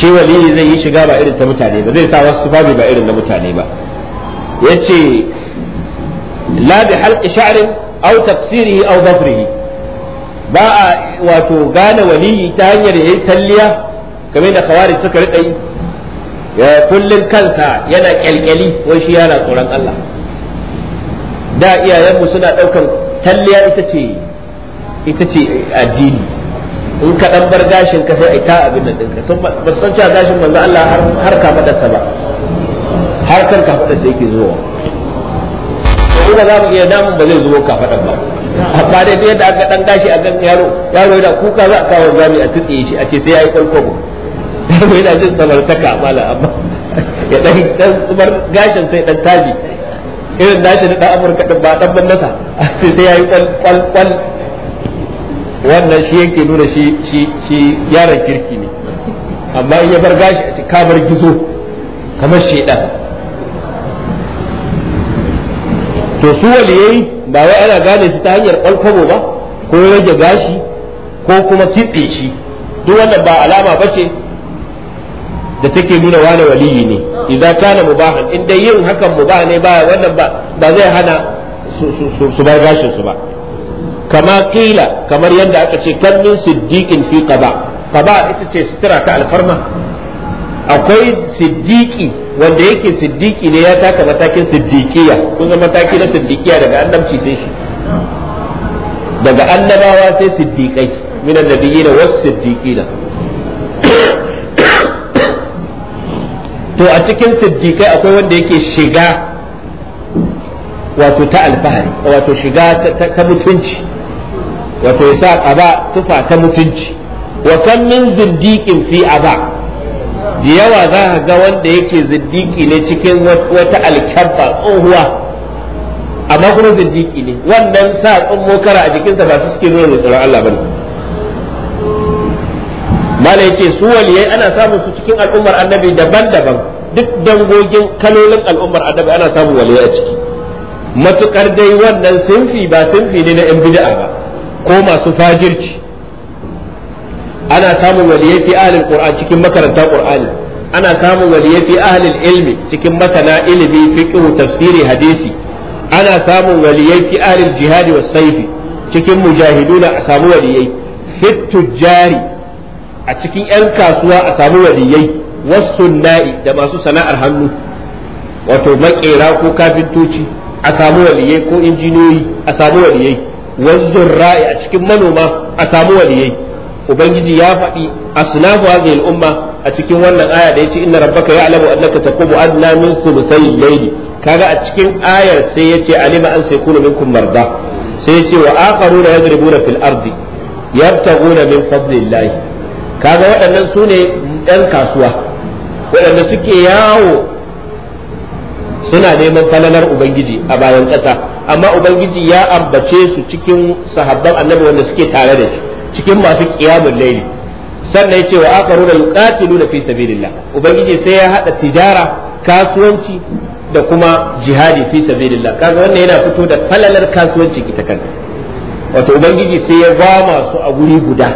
shi waliyi zai yi shiga ba irin ta mutane ba zai sa wasu tufafi ba irin na mutane ba yace la bi halqi sha'rin aw taqsirihi aw dhafrihi ba a wato gane wani ta hanyar yayi talliya kamar da khawarij suka rika yi ya kullun kansa yana kyalkyali ko shi yana tsoron Allah da iyayenmu suna daukan talliya ita ce ita ce addini in ka dan bar gashin ka sai ta abin nan dinka sun ba san cewa gashin manzo Allah har har ka fadarsa ba har kan ka fadarsa yake zuwa ko da za mu iya damun ba zai zuwa ka fadar ba ba dai duk yadda aka dan gashi a gan yaro yaro yana kuka za a kawo zami a tutse shi a ce sai yayi kwalkwabo yana jin samartaka mala amma ya dan dan tsumar gashin sai dan taji irin shi da dan Amurka din ba dan nasa sai sai yayi kwal kwal kwal wannan shi yake nuna shi shi shi kirki ne amma in ya bar gashi a ka bar gizo kamar shedan to su waliyai ba wai ana gane shi ta hanyar kwalkwabo ba ko rage gashi ko kuma kitse shi duk wannan ba alama ba ce da take nuna wani waliyi ne idan kana mubahan in dai yin hakan mubah ne ba wannan ba ba zai hana su bar gashin su ba kama kila kamar yadda aka ce kan min siddiqin fi qaba qaba ita ce sitira ta alfarma akwai siddiqi wanda yake siddiqi ne ya taka matakin siddiqiya kun ga mataki na siddiqiya daga annabci sai shi daga annabawa sai siddiqai min annabiyina was siddiqina to a cikin siddiqai akwai wanda yake shiga wato ta alfahari wato shiga ta mutunci wato ya sa ƙaba tufa ta mutunci wa kan min zindiqin fi aba da yawa za ka ga wanda yake ziddiki ne cikin wata alkyabba tsohuwa amma kuma ziddiki ne wannan sa tsummo a jikinsa ba su suke nuna tsoron Allah bane mala yace su waliyai ana samun su cikin al'ummar annabi daban-daban duk dangogin kalolin al'ummar annabi ana samun waliyai a ciki matukar dai wannan sinfi ba sinfi ne na yan bida'a ba ko masu fajirci ana samun waliyai fi ahlil qur'an cikin makaranta qur'ani ana samun waliyai fi ahlil ilmi cikin masana ilimi fiqh tafsiri hadisi ana samun waliyai fi ahlil jihadi was saifi cikin mujahiduna a samu waliyai fi tujari a cikin yan kasuwa a samu waliyai was sunna'i da masu sana'ar hannu wato makera ko kafintoci a samu waliyai ko injiniyoyi a samu waliyai was rai a cikin manoma a samu waliyai ubangiji ya faɗi asnafu hadhihi al-umma a cikin wannan aya da yace inna rabbaka ya'lamu annaka taqumu adna min thuluthay al-layl kaga a cikin ayar sai yace alima an kunu minkum marda sai yace wa akharuna yadribuna fil ardi yabtaguna min fadlillah kaga waɗannan sune ne ɗan kasuwa waɗanda suke yawo suna neman falalar ubangiji a bayan ƙasa amma ubangiji ya ambace su cikin sahabban annabi wanda suke tare da shi cikin masu kiyamun laili sannan yace wa aqaruna nuna fi sabilillah ubangiji sai ya haɗa tijara kasuwanci da kuma jihadi fi sabilillah kaga wannan yana fito da falalar kasuwanci ita kanta wato ubangiji sai ya ba masu a guri guda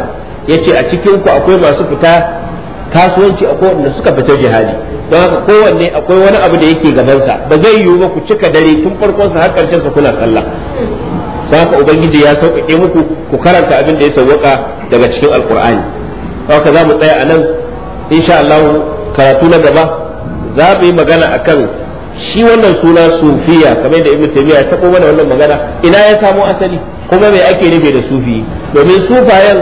yace a cikin ku akwai masu fita kasuwanci akwai wanda suka fita jihadi don haka kowanne akwai wani abu da yake gabansa ba zai yiwu ba ku cika dare tun farkon sa har karshen sa kuna sallah da haka ubangiji ya sauƙaƙe muku ku karanta abin da ya sauƙaƙa daga cikin al'ƙur'ani haka za mu tsaya a nan insha Allah karatu na gaba za mu yi magana akan shi wannan suna sufiya kamar yadda ibnu taymiya ya tabo mana wannan magana ina ya samo asali kuma me ake nufi da sufi domin sufayen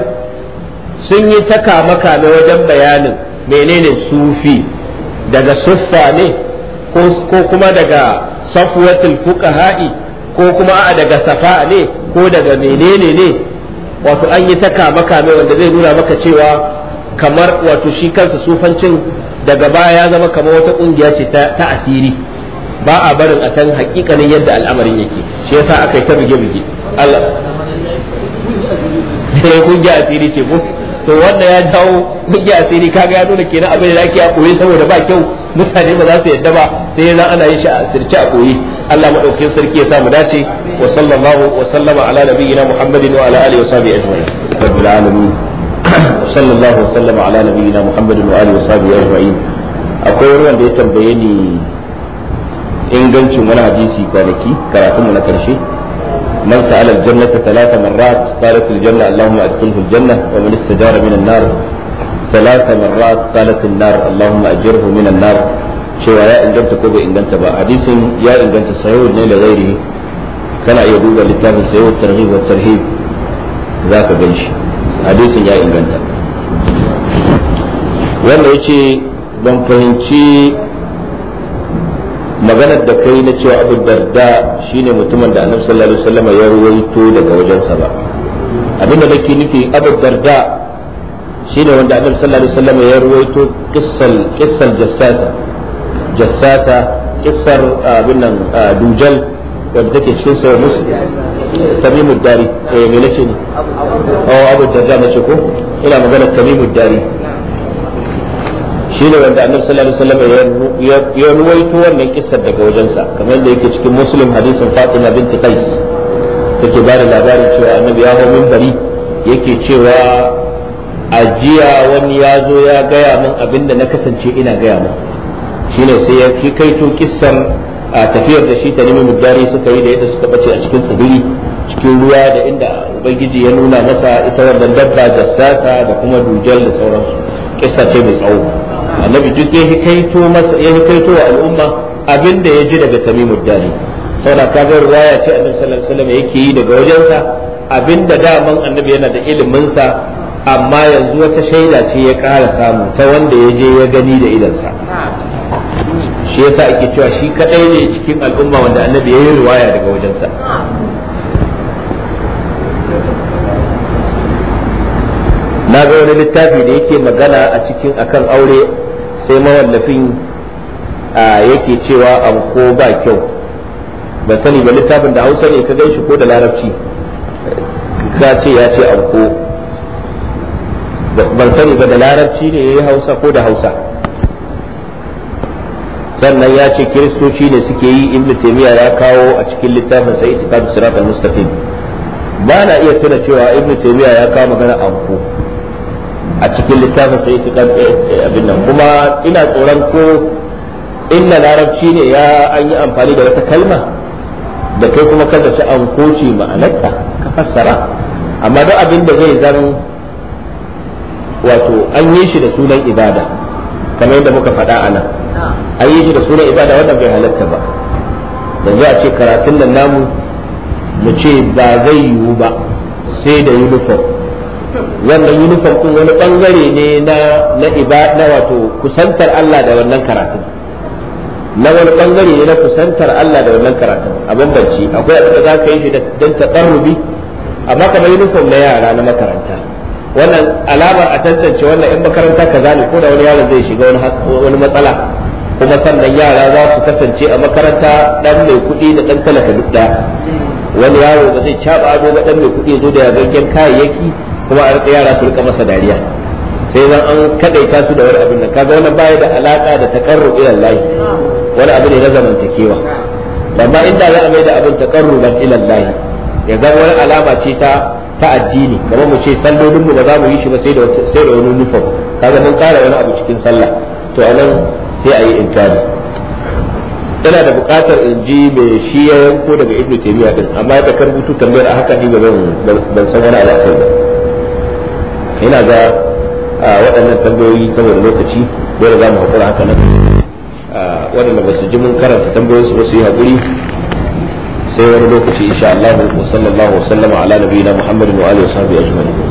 sun yi taka maka na wajen bayanin menene sufi daga suffa ne ko kuma daga safwatul fuqaha'i ko kuma a daga safa ne ko daga menene ne wato an yi ta kame wanda zai nuna maka cewa kamar wato shi kansa sufancin daga baya ya zama kamar wata kungiya ce ta asiri ba a barin a san hakikanin yadda al'amarin yake shi yasa aka yi ta buge-buge Allah sai kungiya asiri ce ko to wanda ya dawo kungiya asiri kaga ya nuna kenan abin da ake a koyi saboda ba kyau mutane ba za su yadda ba sai yana ana yin shi a asirce a koyi Allah madaukakin sarki ya sa mu dace wa sallallahu wa sallama ala nabiyyina Muhammadin wa ala alihi wa sahbihi ajma'in rabbil alamin صلى الله وسلم على نبينا محمد وآله وصحبه أجمعين akwai ruwan da ya tambaye ni ingancin wani hadisi kwanaki karatun mu na karshe man sa'ala aljannata talata marrat qalat allahumma adkhilhu wa man istajara min an-nar ثلاث مرات قالت النار cewa ya inganta ko bai inganta ba hadisin ya inganta sayo ne da gairi kana iya duba littafin sayo tarhib wa tarhib za ka gan shi hadisin ya inganta wanda ya ce ban fahimci maganar da kai na cewa abu darda shine mutumin da annabi sallallahu alaihi wasallam ya ruwaito daga wajensa ba abinda nake nufi abu darda shine wanda annabi sallallahu alaihi wasallam ya ruwaito kissal kissal jassasa jassasa kissar ah, abin nan ah, dujal wanda take cikin sa musu tamimu dari eh me nace ni oh abu na ce ko ina magana tamimu dari ne wanda annabi sallallahu alaihi wasallam ya ruwaito wannan kissar daga wajensa kamar yadda yake cikin muslim hadisin fatima binti qais take bada labarin cewa annabi ya hawo minbari yake cewa ajiya wani ya zo ya gaya min abin da na kasance ina gaya min shine sai ya fi kaito kissan a tafiyar da shi tanimin mujari suka yi da yadda suka bace a cikin tsibiri cikin ruwa da inda ubangiji ya nuna masa ita wannan dabba da sasa da kuma dujal da sauransu kissa ce mai tsawo annabi duk ya kaito masa ya kaito wa al'umma abin da ya ji daga tamimu dari saboda kaga ruwaya ce annabi sallallahu alaihi yake yi daga wajensa abin da daman annabi yana da ilimin sa amma yanzu wata shaida ce ya ƙara samu ta wanda ya je ya gani da idansa shi yasa ake cewa shi kadai ne cikin al'umma wanda annabi yayi riwaya daga wajensa na ga wani littafi da yake magana a cikin akan aure sai mawallafin yake cewa ko ba kyau ba sani ba littafin da hausa ne ka gan shi ko da larabci ka ce ya ce ko ban sani ba da larabci ne ya yi hausa ko da hausa sannan ya ce kiristoci ne suke yi ibnu taimiyya ya kawo a cikin littafin sa itikadu siratal mustaqim ba na iya tuna cewa ibnu taimiyya ya kawo magana anko a cikin littafin sa itikadu eh, eh, abin nan kuma ina tsoron ko inna larabci ne ya an yi amfani da wata kalma da kai kuma kada ci anko ce ma'anarta ka fassara amma duk abin da zai zama wato an yi shi da sunan ibada kamar yadda muka faɗa a nan ah. an yi shi da sunan ibada wannan bai halatta ba da za a ce karatun nan namu mu ce ba zai yiwu ba sai da uniform wannan uniform din wani bangare ne na na ibada wato kusantar Allah da wannan karatun na wani bangare ne na kusantar Allah da wannan karatun a bambanci akwai abin da za ka yi shi don taɓarrubi amma kamar uniform na yara na makaranta wannan alamar a tantance wannan in makaranta ka zane ko da wani yaron zai shiga wani matsala kuma sannan yara za su kasance a makaranta dan mai kuɗi da dan talaka duk da wani yaro ba zai caba ado ba dan mai kuɗi zo da yagaggen kayayyaki kuma a rika yara su rika masa dariya sai zan an kadaita su da wani abin nan kaga wannan baya da alaka da takarru ila Allah wani abu ne na zamantakewa amma inda za a mai da abin takarru ila Allah ya zama wani alama ce ta ta addini kamar mu ce sallolin mu ba za mu yi shi ba sai da sai da wani uniform kaga mun kara wani abu cikin sallah to anan sai a yi inkari tana da buƙatar in ji mai shi ya yanko daga ibnu taymiya din amma da kan rubutu tambayar a haka ni ba ban san wani abu akai ba ina ga waɗannan tambayoyi saboda lokaci dole za mu haƙura haka nan waɗanda ba su ji mun karanta tambayoyinsu ba su yi haƙuri sai wani lokaci insha Allah wa sallallahu wa sallama ala nabiyina Muhammadin wa alihi wa sahbihi ajma'in